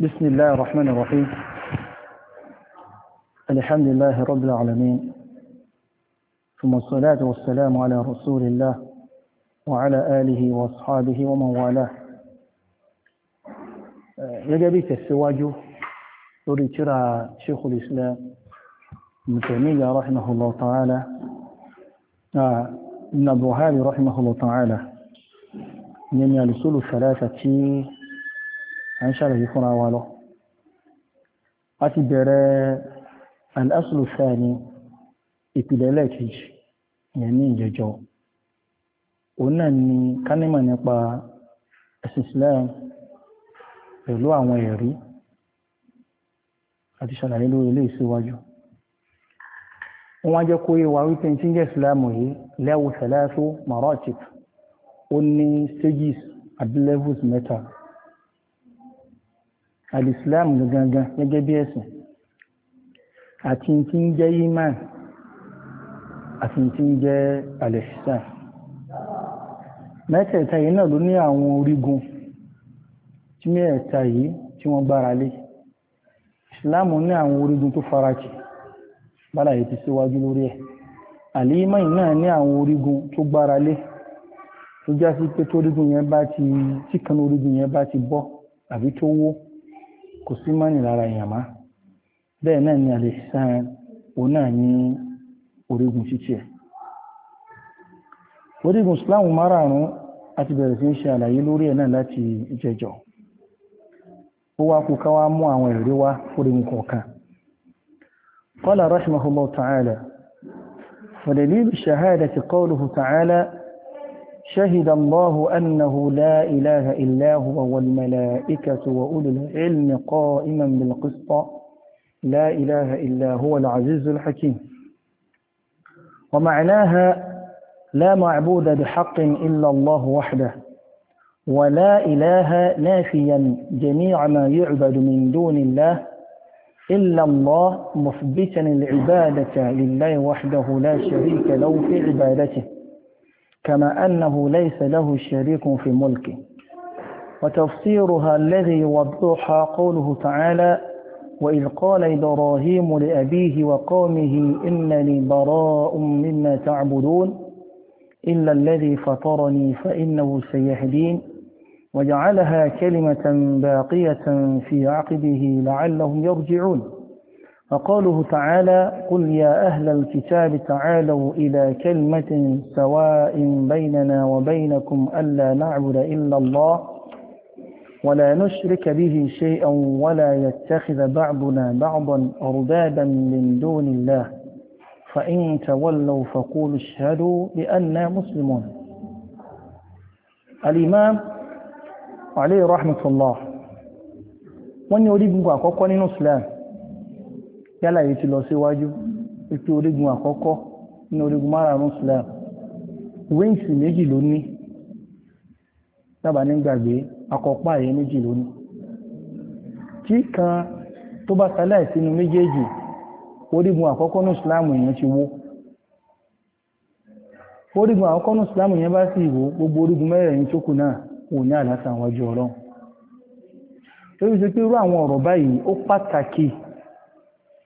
بسم الله الرحمن الرحيم الحمد لله رب العالمين ثم الصلاة والسلام على رسول الله وعلى آله وأصحابه ومن والاه يجبك السواج لوري ترى شيخ الإسلام ابن تيمية رحمه الله تعالى آه، ابن أبو رحمه الله تعالى من يلسل ثلاثة à ń ṣàlàyé fúnra wa lọ a ti bẹ̀rẹ̀ al-aslu thani ìpìlẹ̀ ẹlẹ́ẹ̀kejì ìyẹn ní ìjẹjọ òun náà ni kánímọ̀ nípa ẹ̀sìn Islam pẹ̀lú àwọn ẹ̀rí àti ṣàlàyé lórí ilé ìsíwájú wọ́n wá jẹ́ kó yé wa wípé tí ń jẹ́ ìsìláàmù yìí lẹ́wù thalathu maratib ó ní stages àbí mẹ́ta alìsílám gangan gẹ́gẹ́ bí ẹ̀sìn àti tí ń jẹ́ imán àti tí ń jẹ́ alẹ́sìsán mẹ́tẹ̀ẹ̀ta yìí náà ló ní àwọn orígun tí mẹ́ẹ̀ta yìí tí wọ́n gbára lé ìsìláàmù ní àwọn orígun tó farajì bálàyé ti síwájú lórí ẹ̀ àlìmọ́yì náà ní àwọn orígun tó gbára lé tó já sí pé tórígun yẹn bá ti tíkan orígun yẹn bá ti bọ́ àbí tó wó kò sí mọ́nì lára èèyàn má bẹ́ẹ̀ náà ni àlè òun náà ní orígun títí ẹ̀ orígun Islam márààrún àti bẹ̀rẹ̀ sí ń ṣe àlàyé lórí ẹ̀ náà láti ìjẹjọ́ ó wá kú ká mú àwọn ẹ̀rí wá fórígun kọ̀ọ̀kan قال رحمه الله تعالى فدليل الشهادة قوله تعالى شهد الله أنه لا إله إلا هو والملائكة وأولو العلم قائما بالقسط لا إله إلا هو العزيز الحكيم ومعناها لا معبود بحق إلا الله وحده ولا إله نافيا جميع ما يعبد من دون الله إلا الله مثبتا العبادة لله وحده لا شريك له في عبادته كما أنه ليس له شريك في ملكه وتفسيرها الذي يوضحها قوله تعالى وإذ قال إبراهيم لأبيه وقومه إنني براء مما تعبدون إلا الذي فطرني فإنه سيهدين وجعلها كلمة باقية في عقبه لعلهم يرجعون فقاله تعالى قل يا أهل الكتاب تعالوا إلى كلمة سواء بيننا وبينكم ألا نعبد إلا الله ولا نشرك به شيئا ولا يتخذ بعضنا بعضا أربابا من دون الله فإن تولوا فقولوا اشهدوا بأننا مسلمون الإمام عليه رحمة الله wọ́n يريد أن يكون àkọ́kọ́ yálà yìí ti lọ síwájú pípé orígun àkọ́kọ́ ní orígun márààrún Islam wings méjì ló ní dábàá ní gbàgbé akọ̀pá yìí méjì ló ní sinu kan tó bá sálẹ̀ sínú méjèèjì orígun àkọ́kọ́ ní ti wó orígun àkọ́kọ́ ní Islam yẹn bá sì wó gbogbo orígun mẹ́rẹ̀ẹ̀rin tó kù náà wò ní àlàáfíà wájú lórí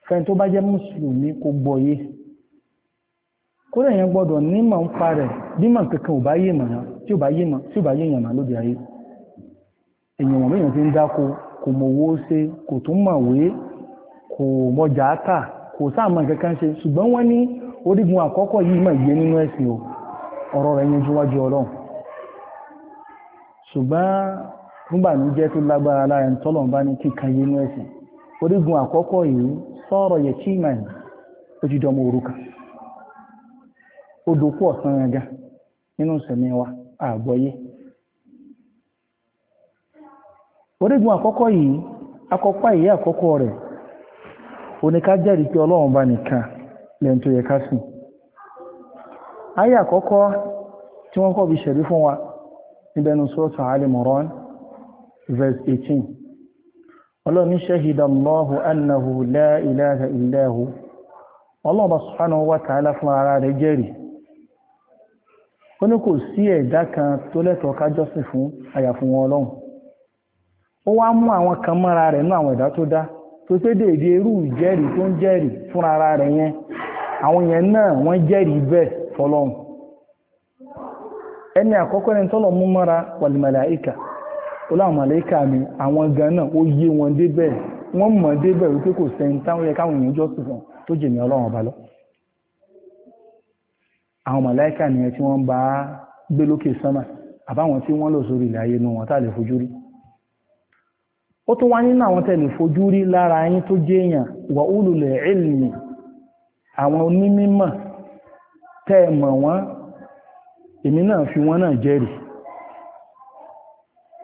fẹ́ tó bá jẹ́ mùsùlùmí kó gbọ́yé kódà yẹn gbọ́dọ̀ nímọ̀ ń pa rẹ̀ bímọ̀ kankan ò bá yé mọ̀ tí ò bá yé mọ̀ tí ò bá ayé ti ń dáko kò mọ̀wó ṣe kò tún kò tà kò sáàmọ̀ kankan ṣe ṣùgbọ́n wọ́n ní orígun àkọ́kọ́ yìí yé nínú o ọ̀rọ̀ rẹ̀ yẹn ọlọ́run ṣùgbọ́n tó lágbára lára ẹni tọ́lọ̀ ń bá ní kíkan yé nínú ẹ̀sìn orígun sọ́rọ̀ yetiman ojúdọmọ orúkà odòkú ọ̀sán ẹ̀gá nínú ìsẹ̀mí wa àgbọ́yé orígun àkọ́kọ́ yìí akọ́pá ìyá àkọ́kọ́ rẹ̀ oníká jẹ́rìí pé ọlọ́run bá nìkan lẹ́yìn tó yẹ ká sìn ayé àkọ́kọ́ fún wa ọlọ́ni shahidallahu annahu la ilaha illa hu ọlọ́ọ̀bá subhanahu wa ta'ala fún ara rẹ̀ jẹ́rìí ó ní kò sí ẹ̀dá kan tó lẹ́tọ̀ọ́ ká jọ́sìn fún àyàfún wọn ọlọ́run ó wá mú àwọn kan mọ́ra rẹ̀ nú àwọn ẹ̀dá tó dá tó pé dèédé irú ìjẹ́rìí tó ń fúnra ara rẹ̀ yẹn àwọn yẹn náà wọ́n jẹ́rìí bẹ́ẹ̀ fọlọ́run ẹni àkọ́kọ́ tọ́lọ̀ ó láwọn màlẹ́kà mi àwọn gan náà ó yé wọn débẹ̀ wọ́n mọ̀ débẹ̀ wípé kò sẹ́ni táwọn yẹ káwọn èèyàn jọ́sìn fún tó jèmi ọlọ́run ọba lọ àwọn màlẹ́kà nìyẹn tí wọ́n bá gbé lókè sánmà àbáwọn tí wọ́n lò sórí ilẹ̀ ayé inú wọn tá lè fojú rí ó tún wá nínú àwọn tẹ̀lé fojú rí lára yín tó jẹ́ èèyàn wà ulul ilmi àwọn onímímọ̀ tẹ́ mọ̀ wọ́n èmi náà fi wọ́n náà jẹ́rìí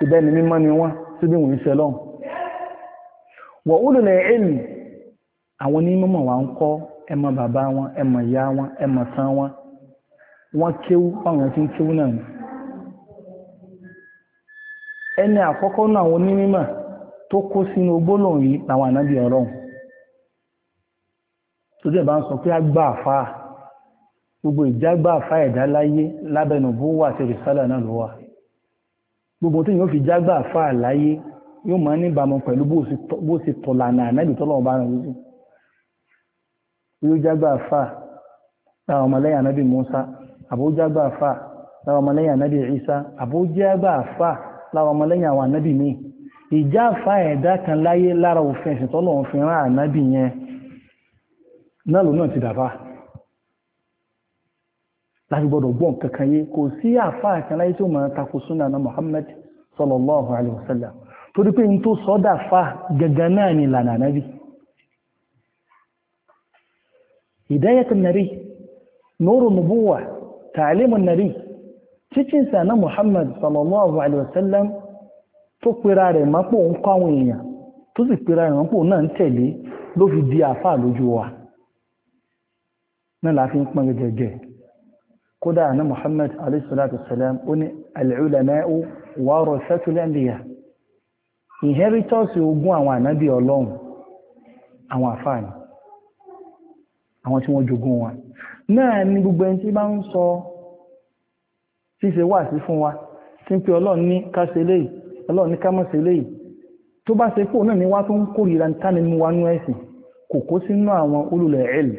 síbẹ̀ ni mímọ́ ni wọ́n síbí wọ́n ń ṣe lọ́n wọ́n ó lò ní ẹ̀mí àwọn onímọ̀ wa ń kọ́ ẹmọ bàbá wọn ẹmọ ìyá wọn ẹmọ tán wọn wọ́n kéwú báwọn ti ń kéwú náà ni ẹni àkọ́kọ́ náà àwọn onímọ̀ tó kó sínú gbólóhùn yìí làwọn ànábì ọlọ́run tó dẹ̀ bá ń sọ pé àgbà àfáà gbogbo ìjágbà àfáà ẹ̀dá láyé lábẹ́nubú wà àti rìsálà náà ló wà gbogbo tí yóò fi jágbà fà láyé yóò máa níbàámu pẹ̀lú bó ṣe tọ̀lànà ànábì tọ́lọ́wọ́ bá rìn lójú yóò jágbà fà láwọn ọmọlẹ́yìn ànábì Musa àbó jágbà fà láwọn ọmọlẹ́yìn ànábì Isa àbó jágbà fà láwọn ọmọlẹ́yìn àwọn ànábì míì ìjà fà ẹ̀dá kan láyé lára òfin ẹ̀sìn tọ́lọ́wọ́ fi rán ànábì yẹn náà lòun náà ti dàbà láti gbọ́dọ̀ gbọ́n kankan yé kò sí àfáà kan láyé tí ó máa takò súnà na Muhammad sallallahu alaihi wasallam torí pé n tó sọ́dà fa gangan náà ni lànà nábi hidayatun nari nurun nubuwa ta'alimun nari cikin sa na Muhammad sallallahu alaihi wasallam tó pera rẹ̀ mọ́pò ń kọ́ àwọn èèyàn tó sì pera rẹ̀ mọ́pò náà ń tẹ̀lé ló fi di àfáà lójú wa náà la ń pọn gẹ́gẹ́ kódà ní Muhammad alaihissalam ó ní al-ulama'u warathatul anbiya inheritors ogún àwọn ànábì ọlọ́run àwọn àfáàní àwọn tí wọ́n jogún wa náà ni gbogbo ẹni tí bá ń sọ ṣíṣe wà sí fún wa tí ń pe ọlọ́run ní ká ṣe léyìí ọlọ́run ní ká má ṣe tó bá ṣe pò náà ni wá tó ń kórìíra tánì mú wa nú ẹ̀sìn kò kó sínú àwọn olùlẹ̀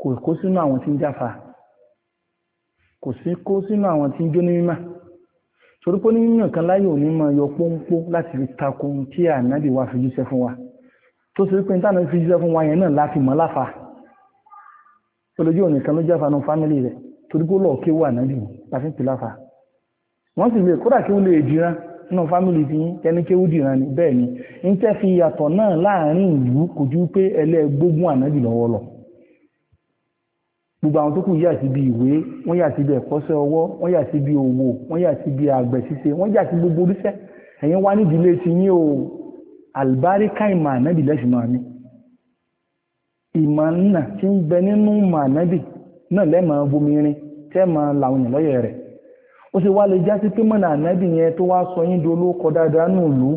kò kó sínú àwọn tí ń jáfa kò sí kó sínú àwọn tí ń jó ní mímọ̀ torí pé onímọ̀ kan láyé òní máa yọ pọ́npọ́ láti fi takò tí ànábì wa fi jíṣẹ́ fún wa tó sì pé táwọn fi jíṣẹ́ fún wa yẹn náà láti mọ̀ láfa olójú òní kan ló jẹ́ àfanú fámìlì rẹ̀ torí pé lọ́ọ̀ kéwà ànábì láti pè láfa wọ́n sì lè kódà kí ó lè dìran nínú fámìlì tí ẹni kéwú dìran ni bẹ́ẹ̀ ni ń tẹ́ fi yàtọ̀ náà láàárín ìlú kò ju pé ẹlẹ́gbógún ànábì lọ́wọ́ lọ́wọ́ gbogbo àwọn tó kù yà sí bí ìwé wọ́n yà sí bí ẹ̀kọ́ṣẹ́ ọwọ́ wọ́n yà sí bí òwò wọ́n yà sí bí àgbẹ̀ ṣíṣe wọ́n gbogbo oríṣẹ́ ẹ̀yin wá nídìílé ti yín o àlùbáríkà ìmọ̀ ànábì lẹ́sìn máa ní ìmọ̀ nà tí ń bẹ nínú ànábì náà bomirin tẹ́ máa làwọn èèyàn lọ́yẹ̀ rẹ̀ ó sì wá lè já sí pé mọ̀nà ànábì yẹn tó wá sọ yín dáadáa nù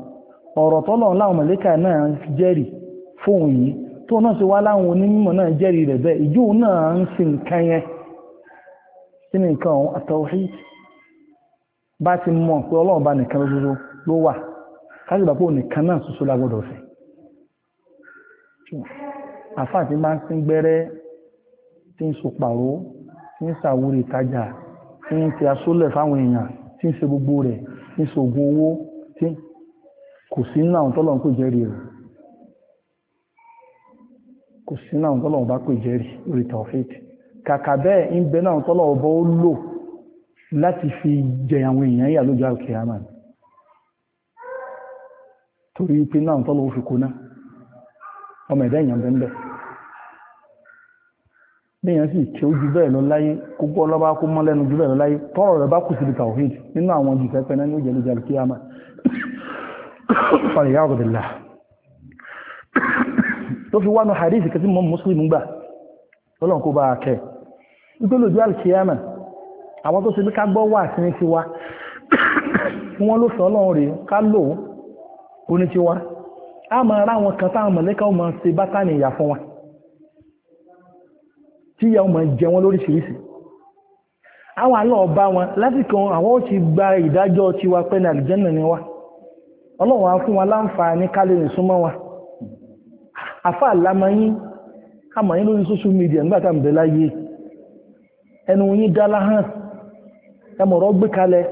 ọ̀rọ̀ tọ́lọ̀ láwọn mọ̀lẹ́kà náà jẹ́rì fóun yìí tó náà ṣe wá láwọn onímọ̀ náà jẹ́rì rẹ̀ bẹ́ ìjú náà ń sin nǹkan yẹn sí nǹkan ọ̀hún bá ti mọ̀ pé ọlọ́run nìkan ṣoṣo ló wà pé náà ṣoṣo lágbọ́dọ̀ máa ń gbẹ́rẹ́ tí ń tí ń sàwúrò ìtajà kò sí nínú àwọn tọ́lọ̀ ń pè jẹ́rìí rẹ̀ kò sí nínú àwọn tọ́lọ̀ ń bá pè jẹ́rìí orí kàkà bẹ́ẹ̀ ń náà tọ́lọ̀ ọba ó lò láti fi jẹ àwọn èèyàn yà lójú àkìyàmà torí pé náà tọ́lọ̀ ó fi kóná ọmọ ẹ̀dá èèyàn bẹ́ẹ̀ bẹ́ẹ̀ ní fàlìyàwó bìlá tó fi wánú hadith kẹsí mọ́ muslim gbà ọlọ́run kó bá a kẹ́ nítorí alkiyama àwọn tó ṣe bí ká gbọ́ wà sí ní tiwa tí wọ́n ló sọ ọlọ́run rèé ká lò ó ní tiwa a máa rá wọn kan táwọn mọ̀lẹ́kà ó máa ṣe bátánì ìyà fún wa tí ìyà ó máa jẹ wọn lóríṣiríṣi àwọn àlọ́ ọba wọn lásìkò àwọn ó ti gba ìdájọ́ tiwa pẹ́ ní àlìjẹ́nà ni wa ọlọ́wọ́ á fún wa láǹfààní ká lè súnmọ́ wa amanyi àlámọ́yín àmọ́yín lórí social media nígbà tá à ń bẹ láyé ẹnu yín dá láhàn ẹmọ̀rọ̀ gbé kalẹ̀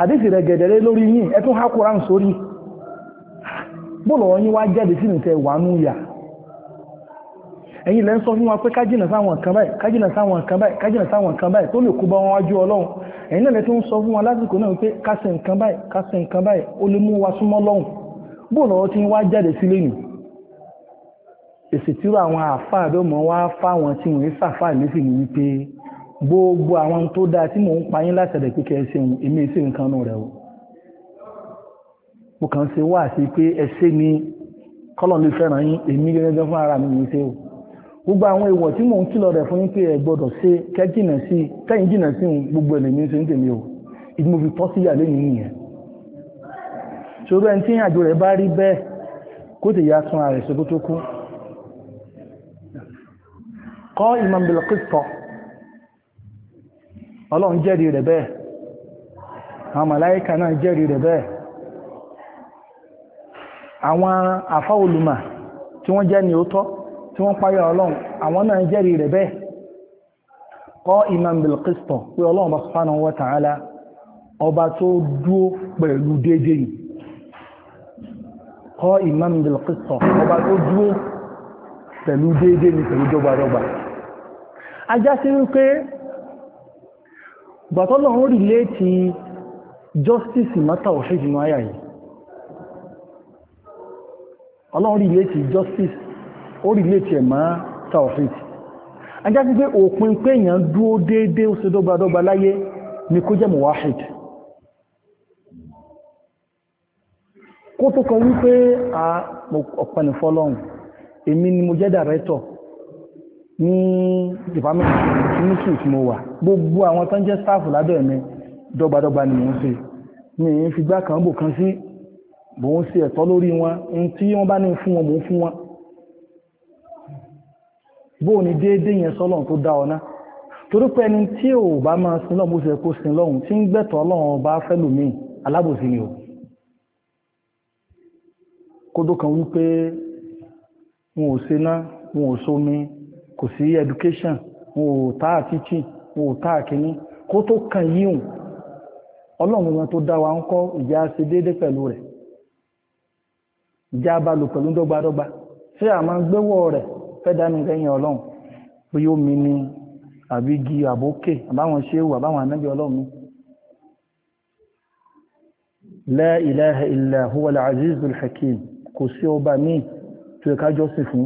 àdísì rẹ̀ gẹ̀dẹ̀rẹ̀ lórí yín ẹtún hákùrá ń sórí ẹ̀yin lẹ́ ń sọ fún wa pé kájìnà sáwọn nǹkan báyìí kájìnà sáwọn nǹkan báyìí kájìnà sáwọn nǹkan báyìí tó lè kó bá wọn wájú ọlọ́run ẹ̀yin náà lẹ́ tó ń sọ fún wa lásìkò náà pé kásì nǹkan báyìí kásì nǹkan báyìí ó lè mú wa súnmọ́ lọ́hùn bó lọ́wọ́ tí ń wá jáde sílé nì èsì tí àwọn àáfàá ló mọ̀ wá fáwọn tí wọ́n ń sàfà lẹ́sìn ní wípé gbogbo àwọn tó dáa tí mò ń pa yín láti ẹ̀dẹ̀ kíkẹ́ ẹsẹ̀ òun èmi èsì nǹkan náà rẹ̀ o mo kàn ń ṣe wá sí pé ẹsẹ̀ ni kọ́lọ̀ lè fẹ́ràn yín èmi gẹ́gẹ́ fún ara mi ní í ṣe o gbogbo àwọn èèwọ̀ tí mò ń kìlọ̀ rẹ̀ fún yín pé ẹ gbọ́dọ̀ ṣe kẹ́jìnà sí kẹ́yìn jìnà sí gbogbo ẹlẹ́mí ṣe ń tèmi o ìdí mo fi tọ́ sí ìyàlẹ́ nínú yẹn ṣòro ẹni tí àjò rẹ̀ bá rí bẹ́ẹ̀ kó tè ya tún ààrẹ ṣe kó tó kú kọ́ Imam Bilqis ọlọ́run jẹ́rìí rẹ̀ bẹ́ẹ̀ àwọn màláíkà náà jẹ́rìí rẹ̀ bẹ́ẹ̀ àwọn àfáwolùmà tí wọ́n jẹ́ ni ó tọ́ tí wọ́n páyà ọlọ́run àwọn náà jẹ́rìí rẹ̀ bẹ́ẹ̀ kọ́ imam bilkisto pé ọlọ́run bá subhanahu wa ta'ala ọba tó dúó pẹ̀lú déédéé yìí kọ́ imam bilkisto ọba tó dúó pẹ̀lú déédéé ni pẹ̀lú dọ́gbadọ́gba ajá sí wípé bàtọ́lọ́run rí léètì justice mata òṣèjìnà ayà yìí ọlọ́run rí léètì justice ó rí létí ẹ̀ máa taofit ajá sí pé òpin pé èèyàn dúó déédé ó ṣe dọ́gbadọ́gba láyé ni kó jẹ́ muwahid kó tó kan wípé a ọ̀pẹ̀lẹ̀ fọ́lọ́hùn èmi ni mo jẹ́ dàrẹ́tọ̀ ní department ní suit mo wà gbogbo àwọn tó ń jẹ́ staff lábẹ́ mi ni mo ń bó ni déédé yẹn sọ́lọ́n tó dá ọ̀nà torípẹ́ ni tí ò bá máa sin lọ́wọ́ kó sin tí ń gbẹ̀tọ̀ ọlọ́run ọba fẹ́lòmí alábòsí ni o kódó kan wípé wọn ò ṣe ná wọn ò sómi kò sí education wọn ò tá àtìtì wọn ò tá àkíní kó tó kan ọlọ́run wọn tó dá wa ń kọ́ ìjà ṣe déédé pẹ̀lú rẹ̀ ìjà fẹ́dá mi lẹ́yìn ọlọ́run bí ó mi ni àbí igi àbókè àbáwọn ṣéwù àbáwọn anábì ọlọ́run mi la ilaha illa huwa al-azizul hakim kò sí ọba míì tó ẹ̀ká jọ́sìn fún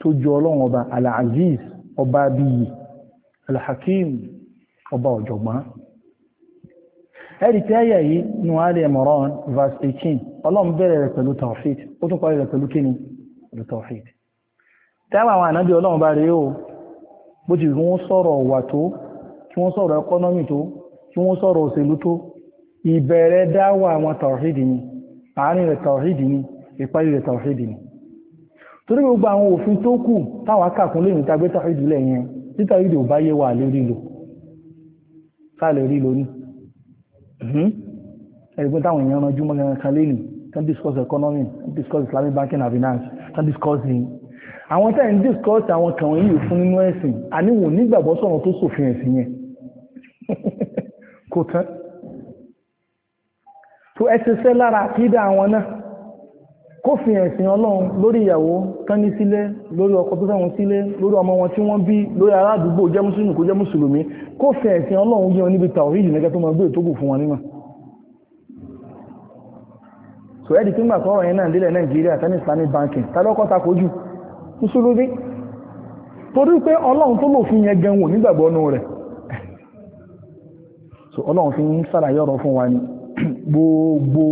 tó ju ọlọ́run ọba al-aziz ọba abiyì al-hakim ọba ọ̀jọ̀gbọ́n ẹ̀rì tí ayà yìí nù alẹ́ Imran verse 18 ọlọ́run bẹ̀rẹ̀ rẹ̀ pẹ̀lú tawhid ó tún parí rẹ̀ pẹ̀lú kíni pẹ̀lú tawhid táwọn àwọn ànábì ọlọ́run bá rèé o bó ti wọ́n sọ̀rọ̀ ọ̀wà tó kí wọ́n sọ̀rọ̀ ẹkọ́nọ́mì tó kí wọ́n sọ̀rọ̀ òṣèlú tó ìbẹ̀rẹ̀ dáwà àwọn tàwọ̀hídì ni àárín rẹ̀ tàwọ̀hídì ni ìparí rẹ̀ tàwọ̀hídì ni torí gbogbo àwọn òfin tó kù táwọn akàkún lè níta gbé tàwọ̀hídì lẹ̀ yẹn tí tàwọ̀hídì ò bá yé wà lórí lò ká lè rí lónìí ẹ̀gbọ́n táwọn èèyàn ranjú mọ́ kan lé nì kan discuss economy kan discuss Islamic banking and finance kan discuss àwọn tẹ́ ń discuss àwọn kàwọn yìí fún nínú ẹ̀sìn àníwò nígbàgbọ́ sọ̀rọ̀ tó sòfin ẹ̀sìn yẹn kò tán tó ẹ ṣiṣẹ́ lára àkídà àwọn náà kófin ẹ̀sìn ọlọ́run lórí ìyàwó tání sílẹ̀ lórí ọkọ tó fẹ́wọn sílẹ̀ lórí ọmọ wọn tí wọ́n bí lórí ará àdúgbò jẹ́ mùsùlùmí kó jẹ́ mùsùlùmí kófin ẹ̀sìn ọlọ́run yẹ wọn níbi tàwọn yìí nẹ́gẹ́ tó máa gbé ìtókù fún wọn nímọ̀ so ẹ̀dì tí ń gbà sọ̀rọ̀ yẹn náà délẹ̀ nàìjíríà tani islamic banking tàbí ọkọ̀ takò jù mùsùlùmí torí pé ọlọ́run tó lòfin yẹn gan wò nígbàgbọ́ nù rẹ̀ so ọlọ́run fi ń sàlàyé ọ̀rọ̀ fún wa ni gbogbo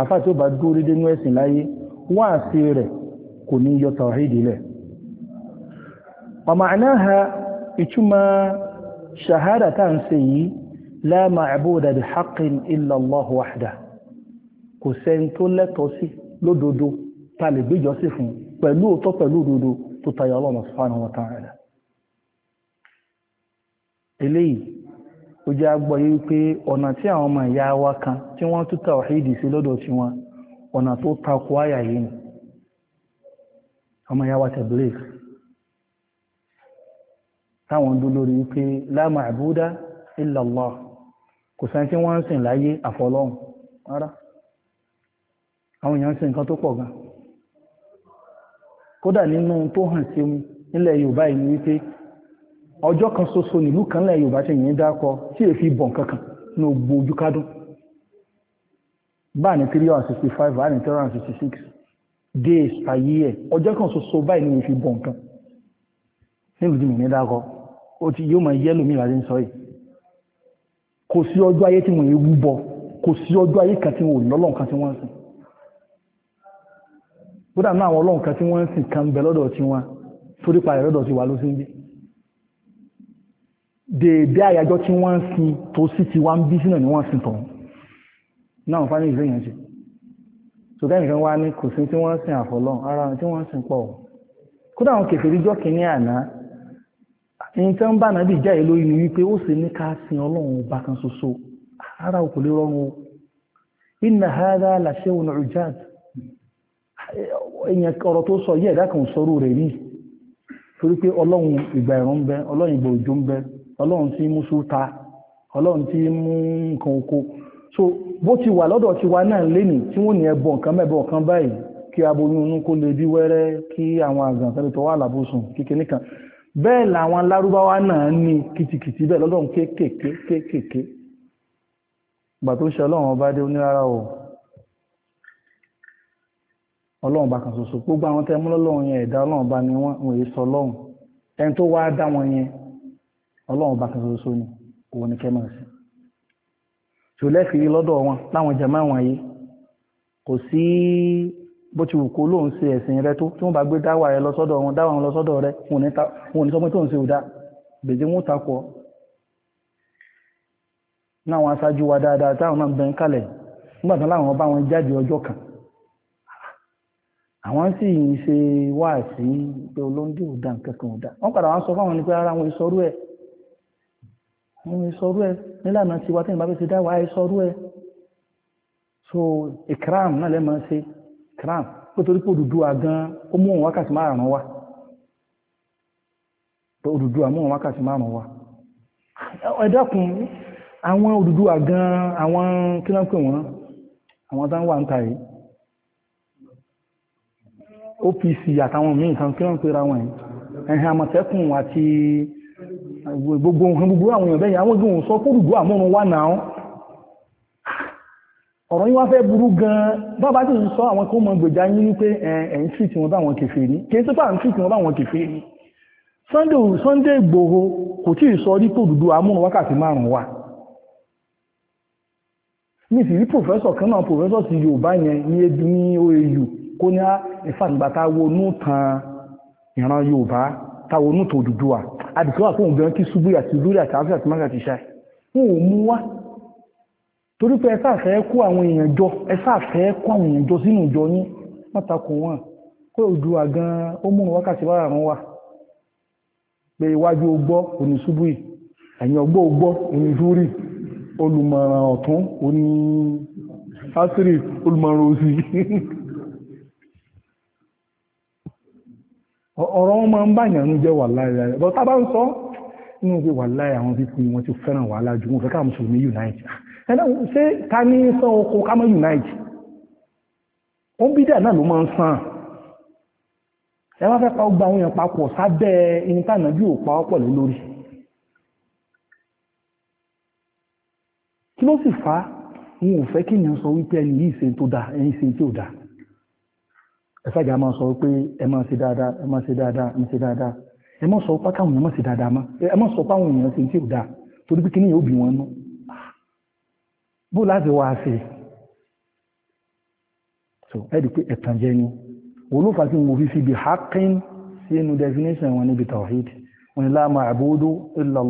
afá tí ó bá dúró dédé nú ẹ̀sìn láyé wáàsí rẹ̀ kò ní yọ tàwáhídì lẹ̀ ọmọ ìtumọ̀ tá ń se yìí la ma'buda bi haqqin illallah wahda kò sẹ́ni tó lẹ́tọ̀ọ́ sí lódodo ta lè fún pẹ̀lú òótọ́ pẹ̀lú òdodo tó tayọ Allah subhanahu wa ta'ala eléyìí ó jẹ́ agbọ́yé wípé ọ̀nà tí àwọn ọmọ ìyá wa kan tí wọ́n tún tawhidi sí lọ́dọ̀ tí wọn ọ̀nà tó takò àyà yìí ni ọmọ ìyá wa Tabligh táwọn dún lórí wípé la ma'buda illa kò sẹ́ni tí wọ́n ń sìn láyé àfọlọ́hùn rárá àwọn èèyàn ń sìn nǹkan tó pọ̀ gan-an kódà nínú tó hàn sí omi nílẹ̀ yorùbá yìí ni wípé ọjọ́ kan ṣoṣo nílùú kan nílẹ̀ yorùbá ṣe yẹn dákọ tí èyí fi bọ̀n kankan ní gbogbo ojú kádùn báà ní three hundred sixty five báà ní three hundred sixty six days per year ọjọ́ kan ṣoṣo báyìí ni èyí fi bọ̀n kan nílùú tí mi ní dákọ ó ti yóò máa yẹ́ lómi ìlàdí ń sọ yìí kò sí ọjọ́ ayé tí wọ́n ń wú bọ kò sí ọjọ́ ayé kan tí wọ́n lọ́lọ́ kan tí wọ́n sìn kódà náà àwọn ọlọ́run kan tí wọ́n ń sìn kan bẹ lọ́dọ̀ tí wọ́n torí pa ẹ̀rọ́dọ̀ ti wà ló sí ń bí dèédé àyájọ́ tí wọ́n ń sin tó sí ti wá ń bí sínà ni wọ́n sin tọ̀hún náà wọ́n fáyé ìrẹ́yìn wá ní kò sí tí wọ́n sin ara tí wọ́n sin pọ̀ kódà àwọn kìíní àná ẹni tí wọ́n bá lórí ni wípé èèyàn ọ̀rọ̀ tó sọ yẹ́ ẹ̀dá kan sọ̀rọ̀ rẹ̀ rí torí pé ọlọ́run ìgbà ẹ̀rùn ń bẹ ọlọ́run ìgbà òjò ń bẹ ọlọ́run tí mú súta ọlọ́run tí mú nǹkan oko so bó ti wà lọ́dọ̀ ti wá náà lénìí tí wọ́n ní ẹbọ nǹkan mẹ́bọ kan báyìí kí aboyún inú kó lè bí wẹ́rẹ́ kí àwọn àgàn tẹ́lẹ̀ tó wà lábòsùn kékeré kan bẹ́ẹ̀ làwọn lárúbáwá náà ní kìtìkìtì bẹ́ẹ̀ lọ́dọ̀ kéékèèké kéékèèké tó ṣe ọlọ́run ọba dé onírárá ọlọ́run bá kan ṣoṣo gbogbo àwọn tẹ́ mú lọ́lọ́run yẹn ẹ̀dá ọlọ́run bá ní wọ́n ń èé sọ ọlọ́run ẹni tó wá dá wọn yẹn ọlọ́run bá kan ṣoṣo ni òun ni kẹ́mọ̀ sí ṣò lẹ́fìrí lọ́dọ̀ wọn láwọn jàmá wọn yìí kò sí bó ti wù kó lóun ṣe ẹ̀sìn rẹ tó tí wọ́n bá gbé dáwà rẹ lọ sọ́dọ̀ wọn dáwà wọn lọ sọ́dọ̀ rẹ wọn ò ní sọ pé tóun ṣe ò dá gbèdé wọn ò takọ̀ náà wọn aṣáájú wa dáadáa táwọn náà bẹ ń kalẹ̀ nígbà tán láwọn bá wọn jáde ọjọ́ kan àwọn sì ń ṣe wáàsí pé olóńdè ò dá nǹkan kan ò dá wọ́n padà wá sọ fáwọn ni pé ara wọn ìsọrú ẹ̀ wọn ìsọrú ẹ̀ nílànà tiwa tẹ́yìn bá fẹ́ ṣe dáwà ìsọrú ẹ̀ so ìkram náà lẹ́ẹ̀ máa ṣe ìkram pé torí pé Odùduwà gan ó mú òun wákàtí márùn-ún wá pé Odùduwà mú òun wákàtí márùn-ún wá ẹ àwọn Odùduwà gan àwọn kí ló pè wọ́n àwọn táwọn wà ń ta yìí OPC àtàwọn míì kan kí wọ́n pera wọn yìí ẹ̀hìn àmọ̀tẹ́kùn àti gbogbo nǹkan gbogbo àwọn èèyàn bẹ́yìn àwọn ìgbìmọ̀ sọ fún olùgbò àmúrun wà náà ọ̀rọ̀ yín wá fẹ́ burú gan-an bábá tí ń sọ àwọn kó mọ gbèjà yín ní pé ẹ̀yìn tí tí wọ́n bá wọn kèfè rí kí n sípà ń tí tí wọ́n bá wọn kèfè rí Sunday Sunday Igboho kò tí ì sọ rí pé olùgbò àmúrun wákàtí márùn-ún wà ní ìsìrí pòfẹ́sọ̀ kan náà pòfẹ́sọ̀ sí Yorùbá yẹn ní edu ní OAU kó ní ah, ìfàgbà táwọnú tan ìran yorùbá táwọnú tó dúdú wa àdìsọ́ àpò òǹgbẹ́ kí ṣubú àti lórí àti àfíà àti mága ti ṣá wọn ò mú wá torí pé ẹ sáà fẹ́ kó àwọn èèyàn jọ ẹ sáà fẹ́ kó àwọn èèyàn jọ sínú ìjọ yín wọ́n takò wọn kó Oòduà gan ó mú wákàtí márùn-ún wa pé iwájú ogbọ́ òní ṣubú yìí ẹ̀yìn ọgbọ́ ogbọ́ òní dúrì olùmọ̀ràn ọ̀tún òní fásírì olùmọ̀ràn òsì ọ̀rọ̀ wọn máa ń bàyàn ń jẹ́ wàláì rẹ̀ bọ́ tá bá ń sọ inú pé wàláì àwọn fífi wọn ti fẹ́ràn wàhálà jù wọn fẹ́ ká mùsùlùmí unite ẹ̀dá ṣé ká ní sọ oko ká mọ́ unite ó ń bí dẹ̀ náà ló máa ń sàn ẹ wá fẹ́ pa ọgbà àwọn èèyàn papọ̀ sábẹ́ ẹni tànà bí ò pa ọ́pọ̀ lórí kí ló sì fà á wọn ò fẹ́ kí èèyàn sọ wípé ẹni yìí ṣe tó dáa ẹni ṣe tí ò dáa ẹ sáàjà máa sọ pé ẹ máa ṣe dáadáa ẹ máa ṣe dáadáa ẹ máa ṣe dáadáa ẹ máa sọ pé káwọn èèyàn máa ṣe dáadáa má ẹ máa sọ pé àwọn èèyàn ṣe tí ò dáa torí pé kíní yóò bí wọn nú bó láti wá ṣe so ẹ rí i pé ẹ̀tàn jẹ ni olófà tí mo fi fi bi haqqin sínú definition wọn níbi tawhid wọn ni la ma'budu illa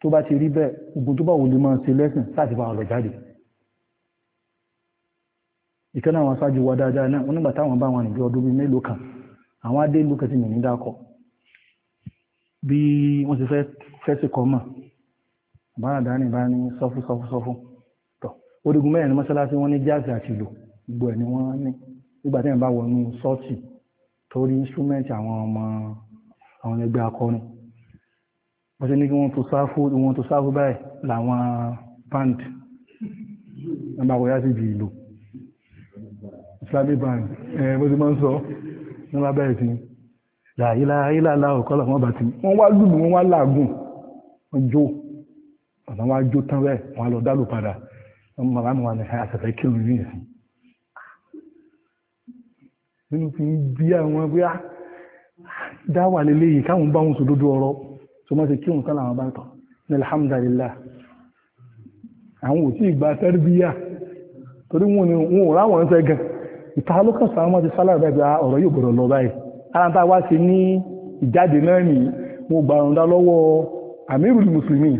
tó bá ti rí bẹ́ẹ̀ ogun tó bá wò lè máa ṣe lẹ́sìn sáà bá wọn jáde ìkẹ́nà àwọn aṣáájú wa dáadáa náà wọ́n nígbà táwọn bá wọn nìjọ ọdún bíi mélòó kan àwọn adé ìlú kan ti mì ní dákọ̀ bí wọ́n ti fẹ́ sí kọ́ mọ̀ bára dání bá ní sọ́fú sọ́fú sọ́fú tọ̀ orígun mẹ́rin ní mọ́ṣáláṣí wọ́n ní jáàsì àti ìlò gbogbo ẹ̀ ni wọ́n ní nígbà tí wọ́n bá wọnú sọ́ọ̀tì torí instrument àwọn ọmọ àwọn ẹgbẹ́ akọrin wọ́n ti ní kí wọ́n tó sáfù báyìí làwọn band wọ́n bá sí ìlú Islamic bank ẹ̀ bó ti máa ń sọ ní wọ́n bẹ̀rẹ̀ sí láìláìláìlá ọ̀kọ́lọ̀ wọn bá ti wọ́n wá lùlù wọ́n wá làágùn wọ́n jó àwọn wá jó tán rẹ̀ wọ́n lọ dálù padà wọ́n mọ̀ láwọn wà ní àṣẹfẹ́ kírun ní ìsìn nínú fi ń bí àwọn bí ah, dáwà lélẹ́ yìí káwọn bá wọn sòdodo ọ̀rọ̀ tó máa alhamdulillah àwọn ò tí ì gba tẹ́rìbíyà torí wọn ò ráwọn ń fẹ́ gan ìta lókàn sàmọ́ ti sálà rẹ̀ gba ah, ọ̀rọ̀ yóò gbọ́dọ̀ lọ báyìí ara tá a wá sí ní ìjáde náà nì mo gbà ọ̀ǹda lọ́wọ́ amirul mùsùlùmí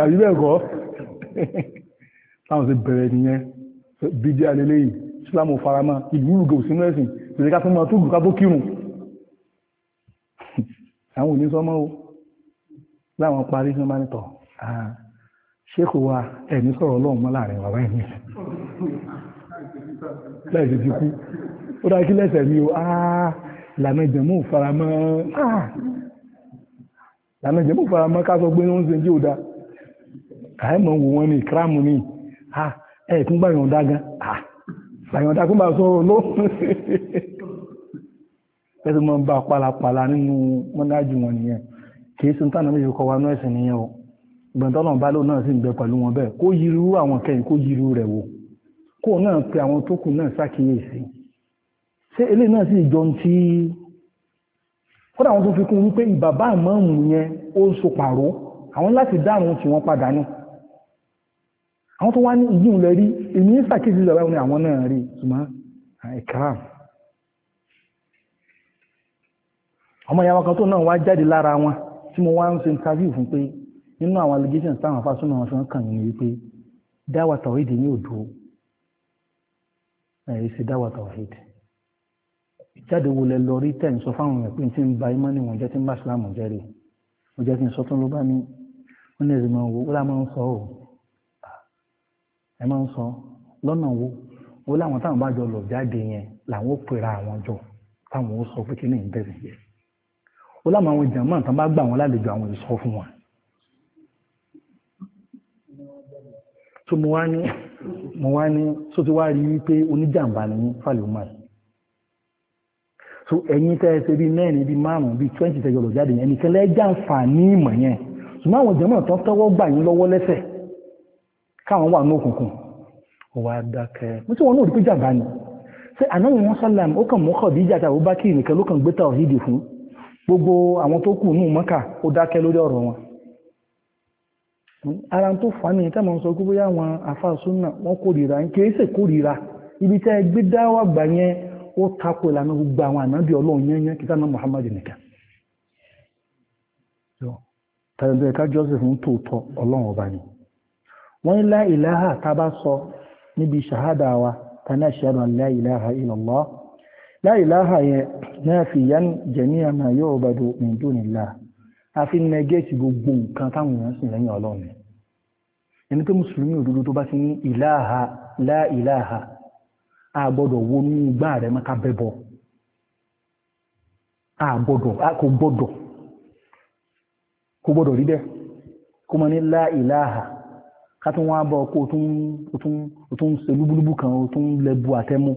àbí bẹ́ẹ̀ kọ́ táwọn sì bẹ̀rẹ̀ nìyẹn bídí alẹ́lẹ́ yìí sílámù farama ìgbúrú gòsì mẹ́sìn ìrẹ́ ká tó máa tó gùká tó kírun àwọn onísọ́mọ́ o láwọn parí sí máa ń tọ̀ ah, ṣékò wa ẹ̀mí sọ̀rọ̀ ọlọ́run mọ́ láàrin wàwá ẹ̀mí láìsí ti kú ó dá kí lẹ́sẹ̀ mi o áá ah, lànà ìjẹ̀mú faramọ́ áá ah, lànà ìjẹ̀mú faramọ́ ká sọ pé ó ń ṣe jí ò dá káìmọ̀ wò wọ́n ní kíráàmù ní à ah, ẹ̀ tún gbà yọ̀ǹda gan à gbàyọ̀ǹda tún bá sọ ló ẹ̀sì mọ́ bá palapala nínú mọ́nájú wọn nìyẹn kì í sun tánà méjì kọ wa náà ẹ̀sìn nìyẹn o ìgbọ̀ntọ́nà bá lóun náà sì ń bẹ pẹ̀lú wọn bẹ́ẹ̀ kó yirú àwọn kẹ́yìn kó yirú rẹ̀ wò kó náà pe àwọn tó kù náà ṣàkíyèsí ṣé eléyìí náà sì jọ ti kódà àwọn tó fi kún wípé ìbàbá àmọ́ọ̀mù yẹn ó ń so pàró àwọn láti dárun tí wọ́n padà ní àwọn tó wá ní ìyíhùn lẹ rí èmi ń ṣàkíyèsí lọ́wọ́ àwọn àwọn náà rí ṣùgbọ́n ìkàràm ọmọ ìyá wọn kan tó náà wá jáde lára wọn tí mo wá ń ṣe interview fún pé nínú àwọn allegations táwọn afásúnà wọn fi ń kàn ní wípé dáwà tàwídìí ní òdòó ẹ̀yìn sí dáwà tawhid ìjáde wo lẹ lọ rí tẹ́ǹ sọ fáwọn èèyàn pé tí ń ba imọ́ níwọ̀n jẹ́ tí ń bá ìsìlámù jẹ́ rè ó jẹ́ kí n sọ tún ló bá ní wọ́n ní ẹ̀sìn wo ó láwọn ń sọ ọ́ ah, ẹ máa ń sọ lọ́nà wo ó láwọn táwọn bá jọ lọ jáde yẹn làwọn ó pera àwọn jọ táwọn ó sọ pé kí ní ìbẹ̀rẹ̀ yẹn ó láwọn àwọn tán bá gbà wọn lálejò àwọn ìsọ fún wọn tó mo wá ní mo wá ní tó ti wá rí wípé oníjàmbá ni ní falumar so ẹ̀yin tẹ́ ẹ ṣe bíi mẹ́rin bíi márùn bíi twenty tẹ́ yọlọ̀ jáde yẹn ẹnìkan lẹ́jàǹfààní ìmọ̀ yẹn ṣùgbọ́n àwọn jẹ́mọ̀ tán tọ́wọ́ gbà yín lọ́wọ́ lẹ́sẹ̀ káwọn wà ní òkùnkùn ó wá dákẹ́ mo tí wọn náà rí pé jàmbá ni ṣé ànáwó wọn sálàm ó kàn mọ́kọ̀ bí ìjà tàbí bákì nìkan ló kàn gbé tàwọ̀ hídì fún gbogbo àwọn tó kù nù mọ́kà ó dákẹ́ lórí ọ̀rọ̀ wọn ara tó fà ní ìtẹ́ màá sọ pé bóyá àwọn afáàsúnà wọn kórìíra ń kéré sì kórìíra ibi tẹ́ gbé dáwà gbà yẹn ó tako ìlànà gbogbo àwọn ànábì ọlọ́run yẹn yẹn kìtà náà Muhammad nìkan tàbí ẹ̀ka Joseph ń tòótọ́ ọlọ́run ọba ni wọ́n lá ìláhà tá sọ níbi ṣàhádà wa tàná ṣàhádà lá ìláhà illallah lá yẹn náà fi yán jẹ̀míà máa yóò bá do min a fi ń nẹgẹ́tì gbogbo nǹkan táwọn èèyàn sìn lẹ́yìn ọlọ́run ẹni pé mùsùlùmí òdodo tó bá ti ní ìláha láìláha a gbọ́dọ̀ wo ní igbá rẹ̀ mọ́ ká bẹ́bọ̀ a gbọ́dọ̀ a kò gbọ́dọ̀ kò gbọ́dọ̀ rí bẹ́ẹ̀ kó mọ ní láìláha ká tún wá bọ́ kó o tún ṣe lúbúlúbú kan o tún lẹ́bu àtẹ́mú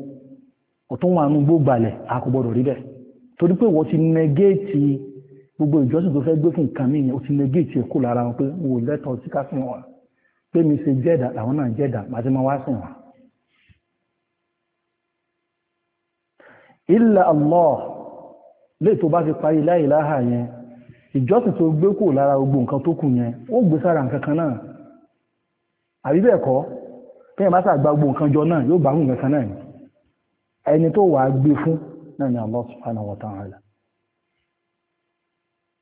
o tún wà nú gbógbalẹ̀ a rí bẹ́ẹ̀ torí pé wọ́n ti nẹgẹ́tì gbogbo ìjọsìn tó fẹ́ gbé fún nǹkan mí o ti negate kó lára wọn pé wò lẹ́tọ̀ọ́ sí ká sìn wọn pé mi ṣe jẹ́dà làwọn náà jẹ́dà màá ti máa wá sìn wọn. illa Allah lè tó bá fi parí la ilaha yẹn ìjọsìn tó gbé kó lára gbogbo nǹkan tó kù yẹn ó gbé sára nǹkan kan náà àbí bẹ́ẹ̀ kọ́ kẹ́yìn bá sàgbà gbogbo nǹkan jọ náà yóò bá nǹkan náà ẹni tó wàá gbé fún náà ni Allah subhanahu wa ta'ala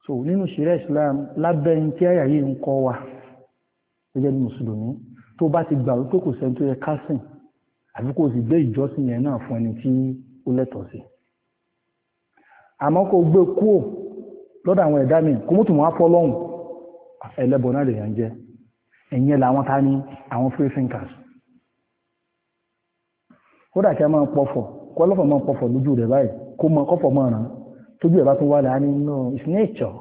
so nínú ṣẹ̀ríà Islam lábẹ́ ní tí àyà yìí ń kọ́ wa gẹ́gẹ́ bí mùsùlùmí tó bá ti gbà wípé kò sẹ́ni tó yẹ ká sìn àbí kò sì gbé ìjọsìn yẹn náà fún ẹni tí ó lẹ́tọ̀ọ́ sí àmọ́ kò gbé kúò lọ́dọ̀ àwọn ẹ̀dá mi kò mú tùmọ̀ afọ́ lọ́hùn ẹlẹ́bọ náà lèèyàn jẹ́ ẹ̀yìn làwọn ta ní àwọn free thinkers kódà kí a máa pọ̀fọ̀ kọ́lọ́fọ̀ máa pọ̀fọ̀ lójú rẹ̀ báyìí kó mọ kọ́fọ̀ máa ràn án tójú ẹ̀bá tó wà láàrin náà it's nature